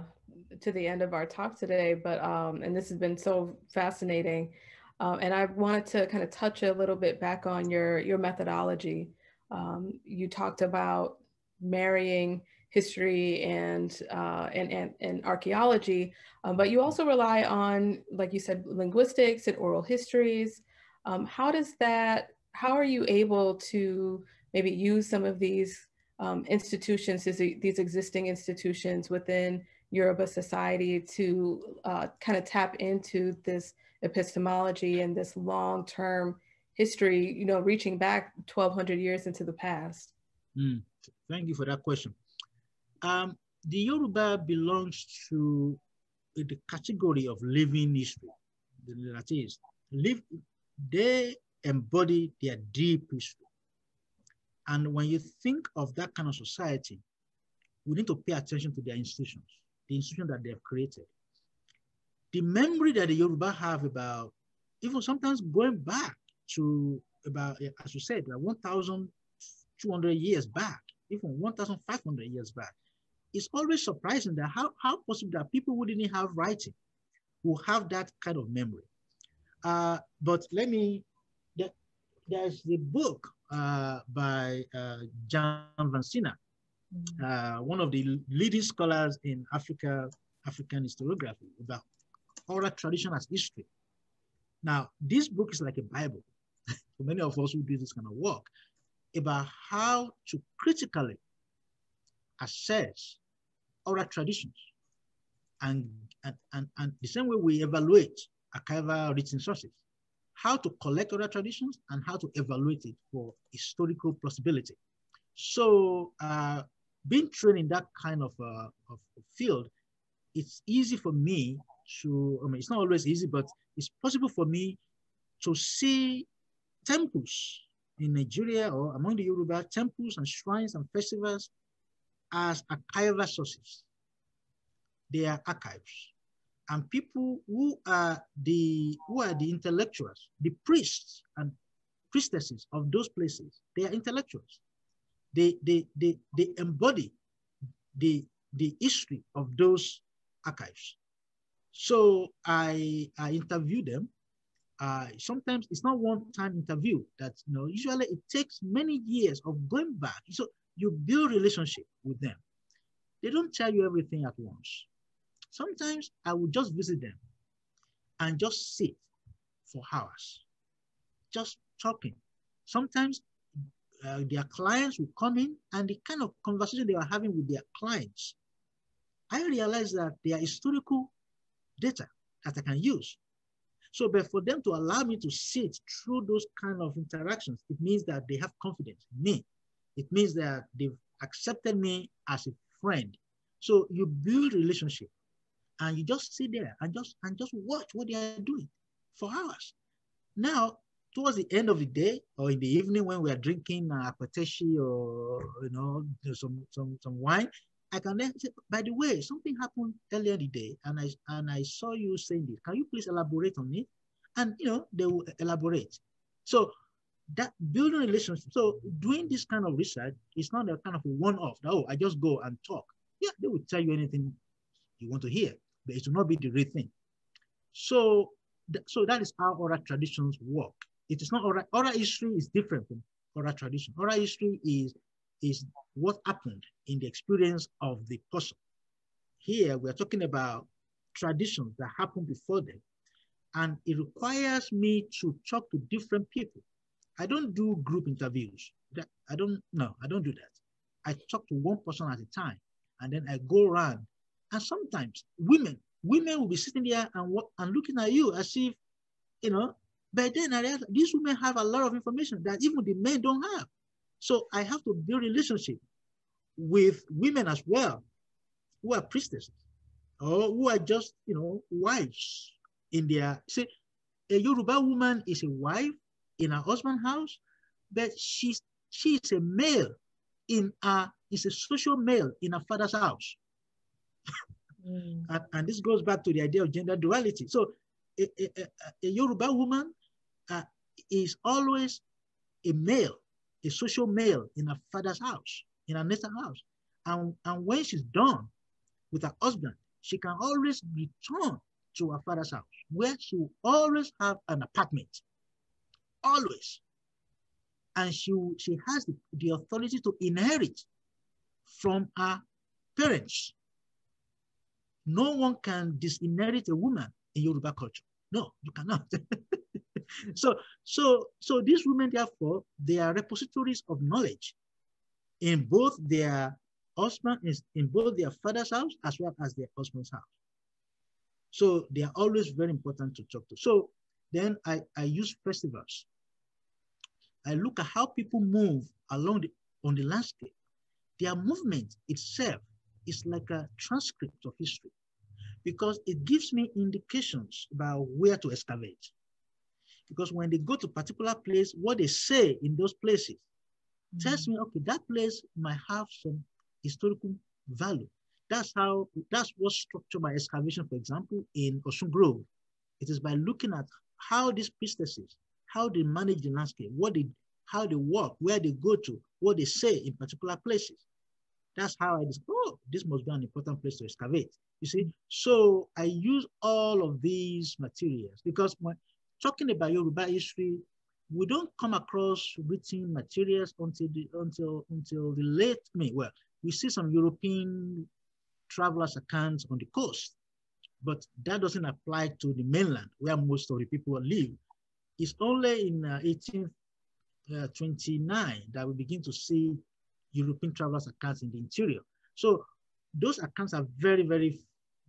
to the end of our talk today, but um, and this has been so fascinating. Um, and I wanted to kind of touch a little bit back on your your methodology. Um, you talked about marrying history and uh, and and, and archaeology, um, but you also rely on, like you said, linguistics and oral histories. Um, how does that? How are you able to maybe use some of these um, institutions, these existing institutions within Yoruba society, to uh, kind of tap into this epistemology and this long-term history? You know, reaching back 1,200 years into the past. Mm. Thank you for that question. Um, the Yoruba belongs to the category of living history. That is, live, they embody their deep history. And when you think of that kind of society, we need to pay attention to their institutions, the institutions that they've created. The memory that the Yoruba have about, even sometimes going back to about, as you said, like 1,200 years back, even 1,500 years back, it's always surprising that how, how possible that people who didn't have writing will have that kind of memory. Uh, but let me, there, there's the book uh, by uh, Jan Vansina, mm-hmm. Uh, one of the leading scholars in Africa, African historiography about oral tradition as history. Now, this book is like a Bible <laughs> for many of us who do this kind of work about how to critically assess oral traditions. And, and, and, and the same way we evaluate archival written sources, how to collect oral traditions and how to evaluate it for historical plausibility. So uh, being trained in that kind of, uh, of field, it's easy for me to, I mean, it's not always easy, but it's possible for me to see temples in Nigeria or among the Yoruba temples and shrines and festivals as archival sources. They are archives. And people who are the who are the intellectuals, the priests and priestesses of those places, they are intellectuals. They they they, they embody the the history of those archives. So I, I interview them. Uh, sometimes it's not one time interview that, you know, usually it takes many years of going back. So you build relationship with them. They don't tell you everything at once. Sometimes I will just visit them and just sit for hours, just talking. Sometimes uh, their clients will come in and the kind of conversation they are having with their clients, I realize that they are historical data that I can use. So, but for them to allow me to sit through those kind of interactions, it means that they have confidence in me it means that they've accepted me as a friend. So you build relationship and you just sit there and just and just watch what they are doing for hours. Now, towards the end of the day or in the evening when we are drinking uh, pateshi or you know some some some wine, I can then say, by the way, something happened earlier in the day, and I and I saw you saying this. Can you please elaborate on it? And you know they will elaborate. So that building relationship. So doing this kind of research is not a kind of one-off. Oh, I just go and talk. Yeah, they will tell you anything you want to hear, but it will not be the real thing. So, th so that is how oral traditions work. It is not oral, oral history is different from oral tradition. Oral history is is what happened in the experience of the person. Here we are talking about traditions that happened before them, and it requires me to talk to different people I don't do group interviews. I don't, no, I don't do that. I talk to one person at a time and then I go around. And sometimes women, women will be sitting there and, and looking at you as if, you know, but then I realize these women have a lot of information that even the men don't have. So I have to build relationship with women as well, who are priestesses or who are just, you know, wives in their, See, a Yoruba woman is a wife in her husband's house, but she's she's a male in a is a social male in her father's house. mm. and, and, this goes back to the idea of gender duality. So a, a, a, a Yoruba woman uh, is always a male, a social male in her father's house, in her mother's house. And, and when she's done with her husband, she can always return to her father's house, where she will always have an apartment always. And she, she has the authority to inherit from her parents. No one can disinherit a woman in Yoruba culture. No, you cannot. <laughs> so, so, so these women, therefore, they are repositories of knowledge in both their husband, in both their father's house as well as their husband's house. So they are always very important to talk to. So then I, I use festivals. I look at how people move along the, on the landscape. Their movement itself is like a transcript of history because it gives me indications about where to excavate. Because when they go to particular place, what they say in those places tells me, okay, that place might have some historical value. That's how, that's what structured my excavation, for example, in Osun Grove. It is by looking at how these businesses, how they manage the landscape, what they, how they work, where they go to, what they say in particular places. That's how I discovered, oh, this must be an important place to excavate. You see, so I use all of these materials because when talking about Yoruba history, we don't come across written materials until the, until until the late I mean, well, we see some European travelers' accounts on the coast, but that doesn't apply to the mainland where most of the people live. It's only in uh, 1829 uh, that we begin to see European travelers' accounts in the interior. So those accounts are very, very,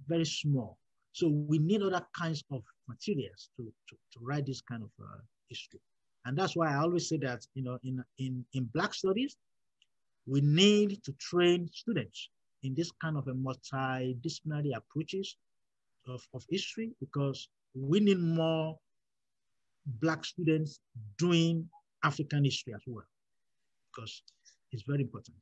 very small. So we need other kinds of materials to, to, to write this kind of uh, history. And that's why I always say that, you know, in, in, in Black studies, we need to train students in this kind of a multidisciplinary approaches of, of history because we need more black students doing African history as well because it's very important.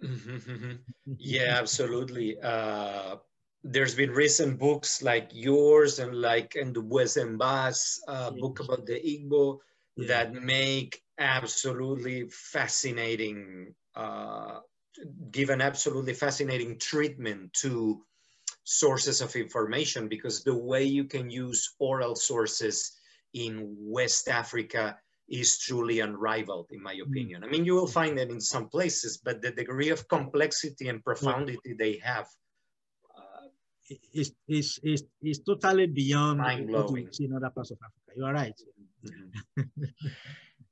<laughs> yeah, absolutely. Uh, there's been recent books like yours and like and the uh, yes. book about the Igbo yeah. that make absolutely fascinating, uh, give an absolutely fascinating treatment to sources of information because the way you can use oral sources in West Africa is truly unrivaled, in my mm. opinion. Mm. I mean, you will find that in some places, but the degree of complexity and profundity yeah. they have uh, is, is, is, totally beyond what we see in other parts of Africa. You are right. Mm. <laughs>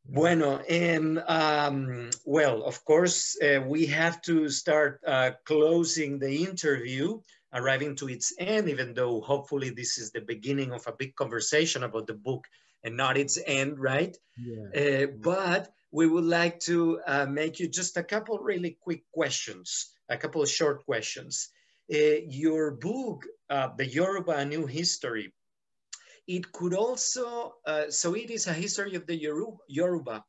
Bueno, and um, well, of course, uh, we have to start uh, closing the interview arriving to its end, even though hopefully this is the beginning of a big conversation about the book and not its end, right? Yeah. Uh, but we would like to uh, make you just a couple really quick questions, a couple short questions. Uh, your book, uh, The Yoruba New History, it could also, uh, so it is a history of the Yoruba,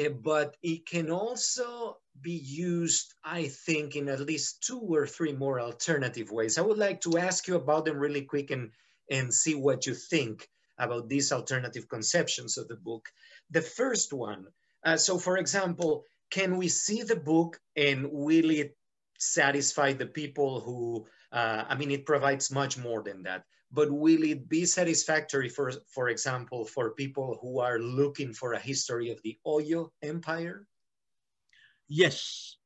uh, but it can also be used, I think, in at least two or three more alternative ways. I would like to ask you about them really quick and, and see what you think about these alternative conceptions of the book. The first one, uh, so for example, can we see the book and will it satisfy the people who, uh, I mean, it provides much more than that, but will it be satisfactory for, for example, for people who are looking for a history of the Oyo Empire? Yes,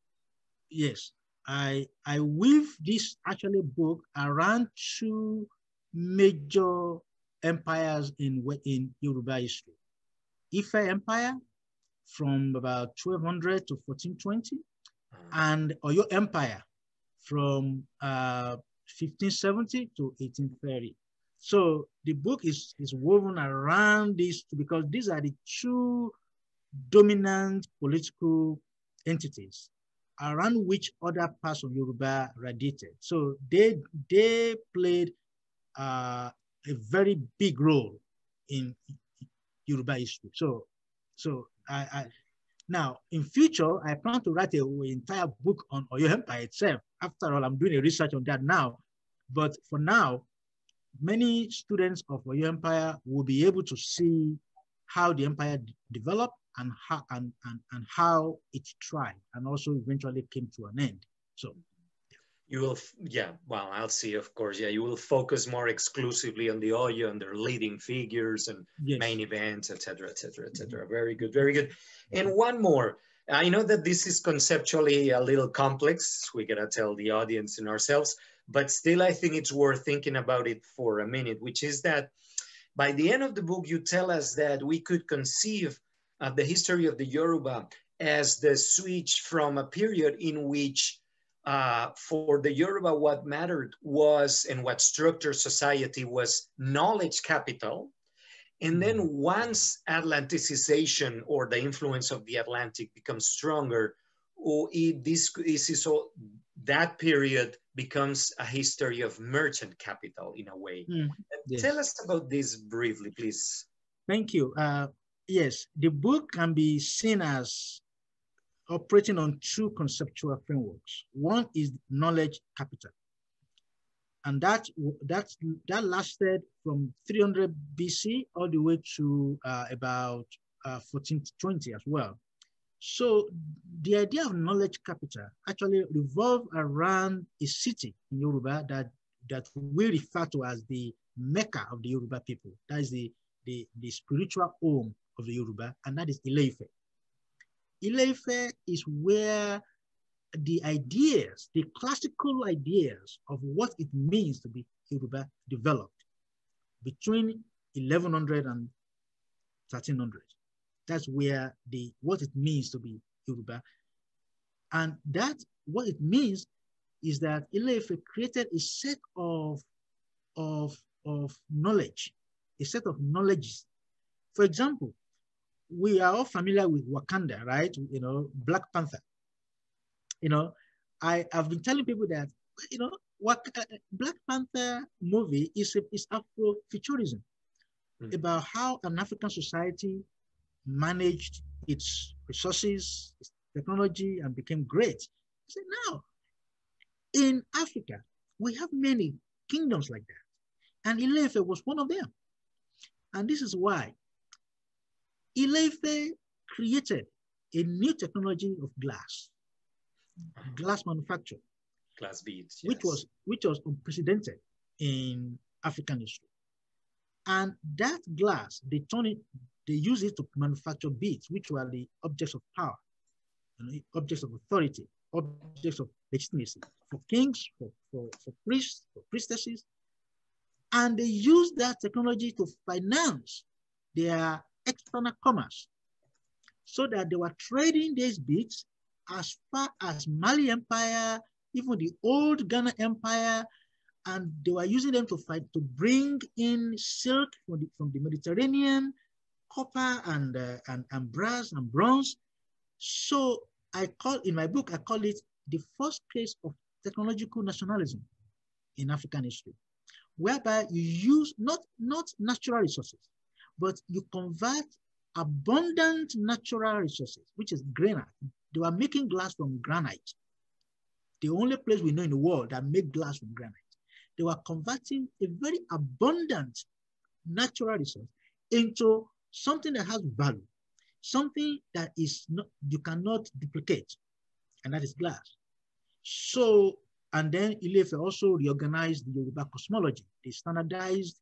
yes. I I weave this actually book around two major empires in in Yoruba history. Ife Empire from about 1200 to 1420, hmm. and Oyo Empire from uh, 1570 to 1830. So the book is, is woven around this because these are the two dominant political entities around which other parts of Yoruba radiated. So they, they played uh, a very big role in Yoruba history. So, so I, I, now in future, I plan to write an entire book on Oyo Empire itself. After all, I'm doing a research on that now. But for now, many students of Oyo Empire will be able to see how the empire developed and how and, and, and how it tried and also eventually came to an end. So you will yeah well i'll see of course yeah you will focus more exclusively on the audio and their leading figures and yes. main events etc etc etc very good very good and one more i know that this is conceptually a little complex we gotta tell the audience and ourselves but still i think it's worth thinking about it for a minute which is that by the end of the book you tell us that we could conceive uh, the history of the Yoruba as the switch from a period in which uh, for the Yoruba, what mattered was and what structured society was knowledge capital. And hmm. then once Atlanticization or the influence of the Atlantic becomes stronger, or it, this, this is all, that period becomes a history of merchant capital in a way. Mm, yes. Tell us about this briefly, please. Thank you. Uh, yes, the book can be seen as operating on two conceptual frameworks. One is knowledge capital. And that, that, that lasted from 300 BC all the way to uh, about uh, 1420 as well. So the idea of knowledge capital actually revolved around a city in Yoruba that, that we refer to as the Mecca of the Yoruba people. That is the, the, the spiritual home of the Yoruba, and that is Ileife. Ileife is where the ideas, the classical ideas of what it means to be Yoruba developed between 1100 and 1300. That's where the what it means to be Yoruba. And that what it means is that Ileife created a set of, of, of knowledge, a set of knowledges. For example, we are all familiar with Wakanda, right? You know, Black Panther. You know, I have been telling people that you know what uh, Black Panther movie is is Afrofuturism mm. about how an African society managed its resources, its technology, and became great. I said, now in Africa we have many kingdoms like that, and Ilefe was one of them. And this is why Ilefe created a new technology of glass, glass manufacture, glass beads, yes. which was which was unprecedented in African history. And that glass, they turn it, they use it to manufacture beads, which were the objects of power, objects of authority, objects of legitimacy for kings, for, for, for priests, for priestesses. And they use that technology to finance their external commerce. So that they were trading these beads as far as Mali Empire, even the old Ghana Empire, and they were using them to fight to bring in silk from the, from the Mediterranean, copper and, uh, and, and brass and bronze. So I call, in my book, I call it the first case of technological nationalism in African history, whereby you use not, not natural resources, but you convert abundant natural resources, which is granite. They were making glass from granite. The only place we know in the world that make glass from granite. They were converting a very abundant natural resource into something that has value, something that is not, you cannot duplicate, and that is glass. So, and then Ilefe also reorganized the Yoruba cosmology. They standardized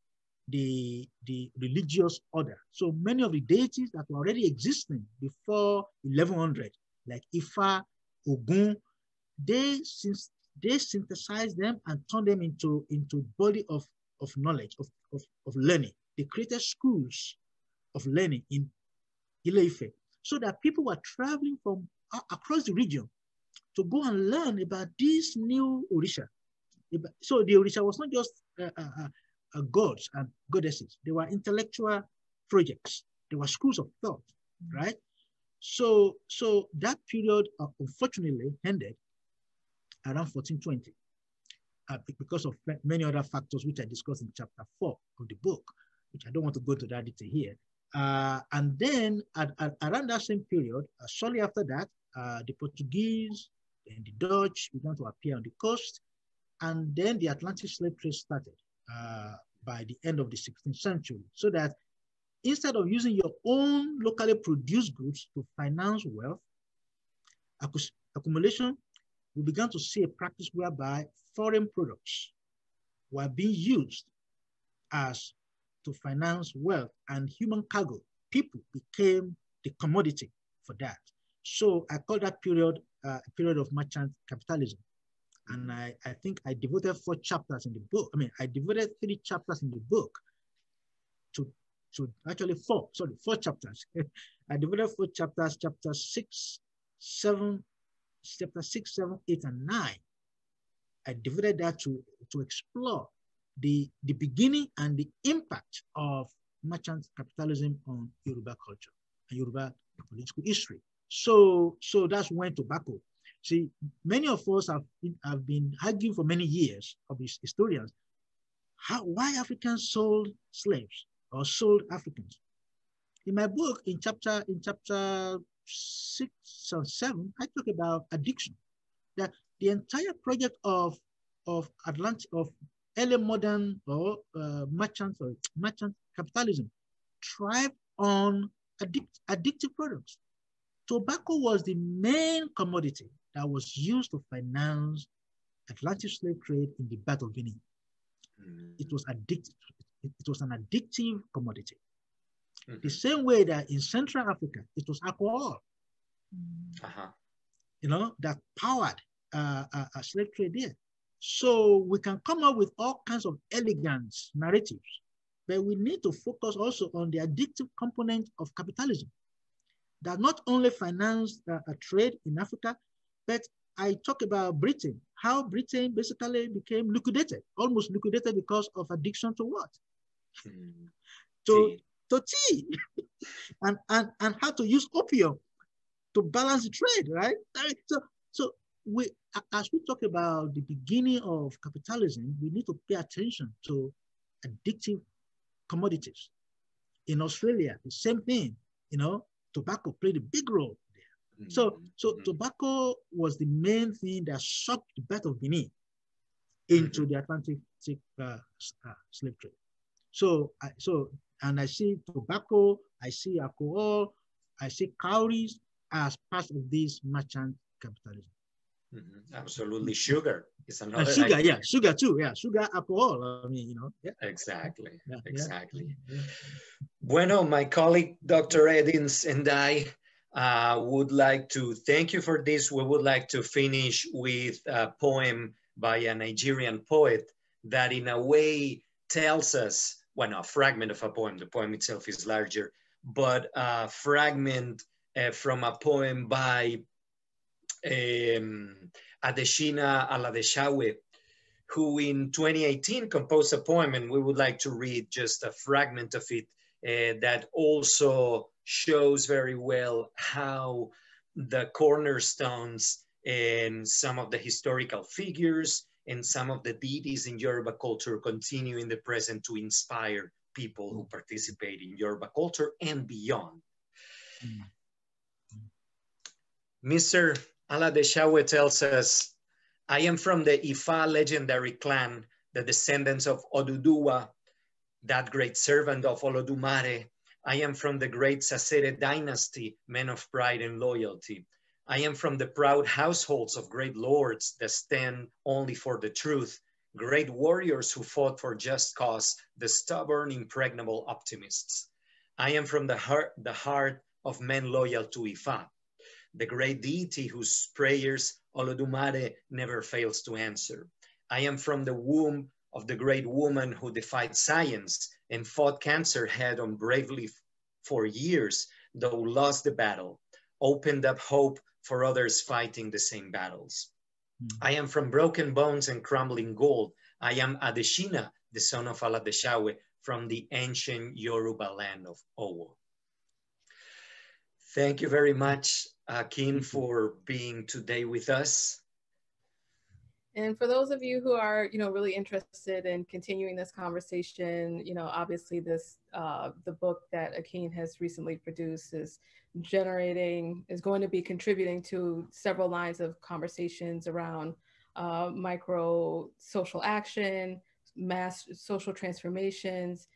the, the religious order. So many of the deities that were already existing before 1100, like Ifa, Ogun, they, since, they synthesized them and turned them into, into body of, of knowledge, of, of, of learning. They created schools of learning in Ileife so that people were traveling from uh, across the region to go and learn about this new Orisha. So the Orisha was not just uh, uh, uh uh, gods and goddesses. They were intellectual projects. They were schools of thought, mm. right? So, so that period uh, unfortunately ended around 1420 uh, because of many other factors which I discussed in chapter four of the book, which I don't want to go to that detail here. Uh, and then at, at, around that same period, uh, shortly after that, uh, the Portuguese and the Dutch began to appear on the coast. And then the Atlantic slave trade started uh, by the end of the 16th century. So that instead of using your own locally produced goods to finance wealth accumulation, we began to see a practice whereby foreign products were being used as to finance wealth and human cargo. People became the commodity for that. So I call that period uh, a period of merchant capitalism and mm-hmm. I, I think I devoted four chapters in the book. I mean, I devoted three chapters in the book to, to actually four, sorry, four chapters. <laughs> I devoted four chapters, chapter six, seven, chapter six, seven, eight, and nine. I devoted that to, to explore the, the beginning and the impact of merchant capitalism on Yoruba culture and Yoruba political history. So, so that's when tobacco See, many of us have been, have been arguing for many years of historians, how, why Africans sold slaves or sold Africans. In my book, in chapter, in chapter six or seven, I talk about addiction. That the entire project of of Atlantic of early modern or uh, merchant or merchant capitalism thrived on addict, addictive products. Tobacco was the main commodity that was used to finance Atlantic slave trade in the Battle of Guinea. Mm. It was addictive. It, it, was an addictive commodity. Mm-hmm. The same way that in Central Africa, it was alcohol. Uh-huh. You know that powered uh, uh, uh, slave trade there. So we can come up with all kinds of elegant narratives, but we need to focus also on the addictive component of capitalism that not only financed uh, a trade in Africa, but I talk about Britain, how Britain basically became liquidated, almost liquidated because of addiction to what? Hmm. To, tea. to tea. <laughs> and, and, and how to use opium to balance the trade, right? So, so we, as we talk about the beginning of capitalism, we need to pay attention to addictive commodities. In Australia, the same thing, you know, tobacco played a big role so, mm-hmm. so mm-hmm. tobacco was the main thing that sucked the birth of Benin into mm-hmm. the Atlantic uh, uh, slave trade. So, I, so, and I see tobacco, I see alcohol, I see cowries as part of this merchant capitalism. Mm-hmm. Absolutely, sugar is another. And sugar, idea. yeah, sugar too, yeah, sugar, alcohol. I mean, you know, yeah. Exactly, yeah, exactly. Yeah. Bueno, my colleague Dr. Edins and I uh, would like to thank you for this. We would like to finish with a poem by a Nigerian poet that in a way tells us, well, no, a fragment of a poem, the poem itself is larger, but a fragment uh, from a poem by um, Adeshina Aladeshawe, who in 2018 composed a poem, and we would like to read just a fragment of it uh, that also shows very well how the cornerstones and some of the historical figures and some of the deities in Yoruba culture continue in the present to inspire people who participate in Yoruba culture and beyond. Mm. Mm-hmm. Mr. Aladeshawe tells us, I am from the Ifa legendary clan, the descendants of Oduduwa, that great servant of Olodumare, I am from the great Sasere dynasty, men of pride and loyalty. I am from the proud households of great lords that stand only for the truth, great warriors who fought for just cause, the stubborn, impregnable optimists. I am from the heart, the heart of men loyal to Ifa, the great deity whose prayers Olodumare never fails to answer. I am from the womb of the great woman who defied science and fought cancer head on bravely for years, though lost the battle, opened up hope for others fighting the same battles. Mm-hmm. I am from broken bones and crumbling gold. I am Adeshina, the son of Aladeshawe, from the ancient Yoruba land of Owo. Thank you very much, Akin, for being today with us. And for those of you who are, you know, really interested in continuing this conversation, you know, obviously this, uh, the book that Akeen has recently produced is generating, is going to be contributing to several lines of conversations around uh, micro social action, mass social transformations,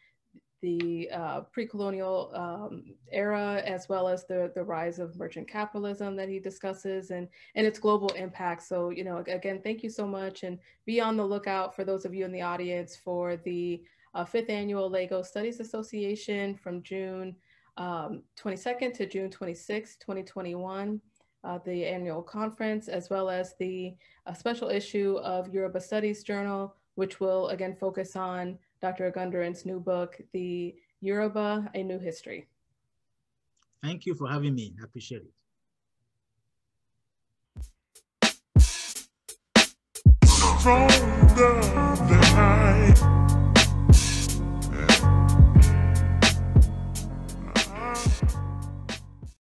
the uh, pre-colonial um, era, as well as the, the rise of merchant capitalism that he discusses and, and its global impact. So, you know, again, thank you so much and be on the lookout for those of you in the audience for the uh, fifth annual LEGO Studies Association from June um, 22nd to June 26th, 2021. Uh, the annual conference, as well as the uh, special issue of Yoruba Studies Journal, which will again focus on Dr. Agundaran's new book, The Yoruba, A New History. Thank you for having me. I appreciate it. Stronger than I.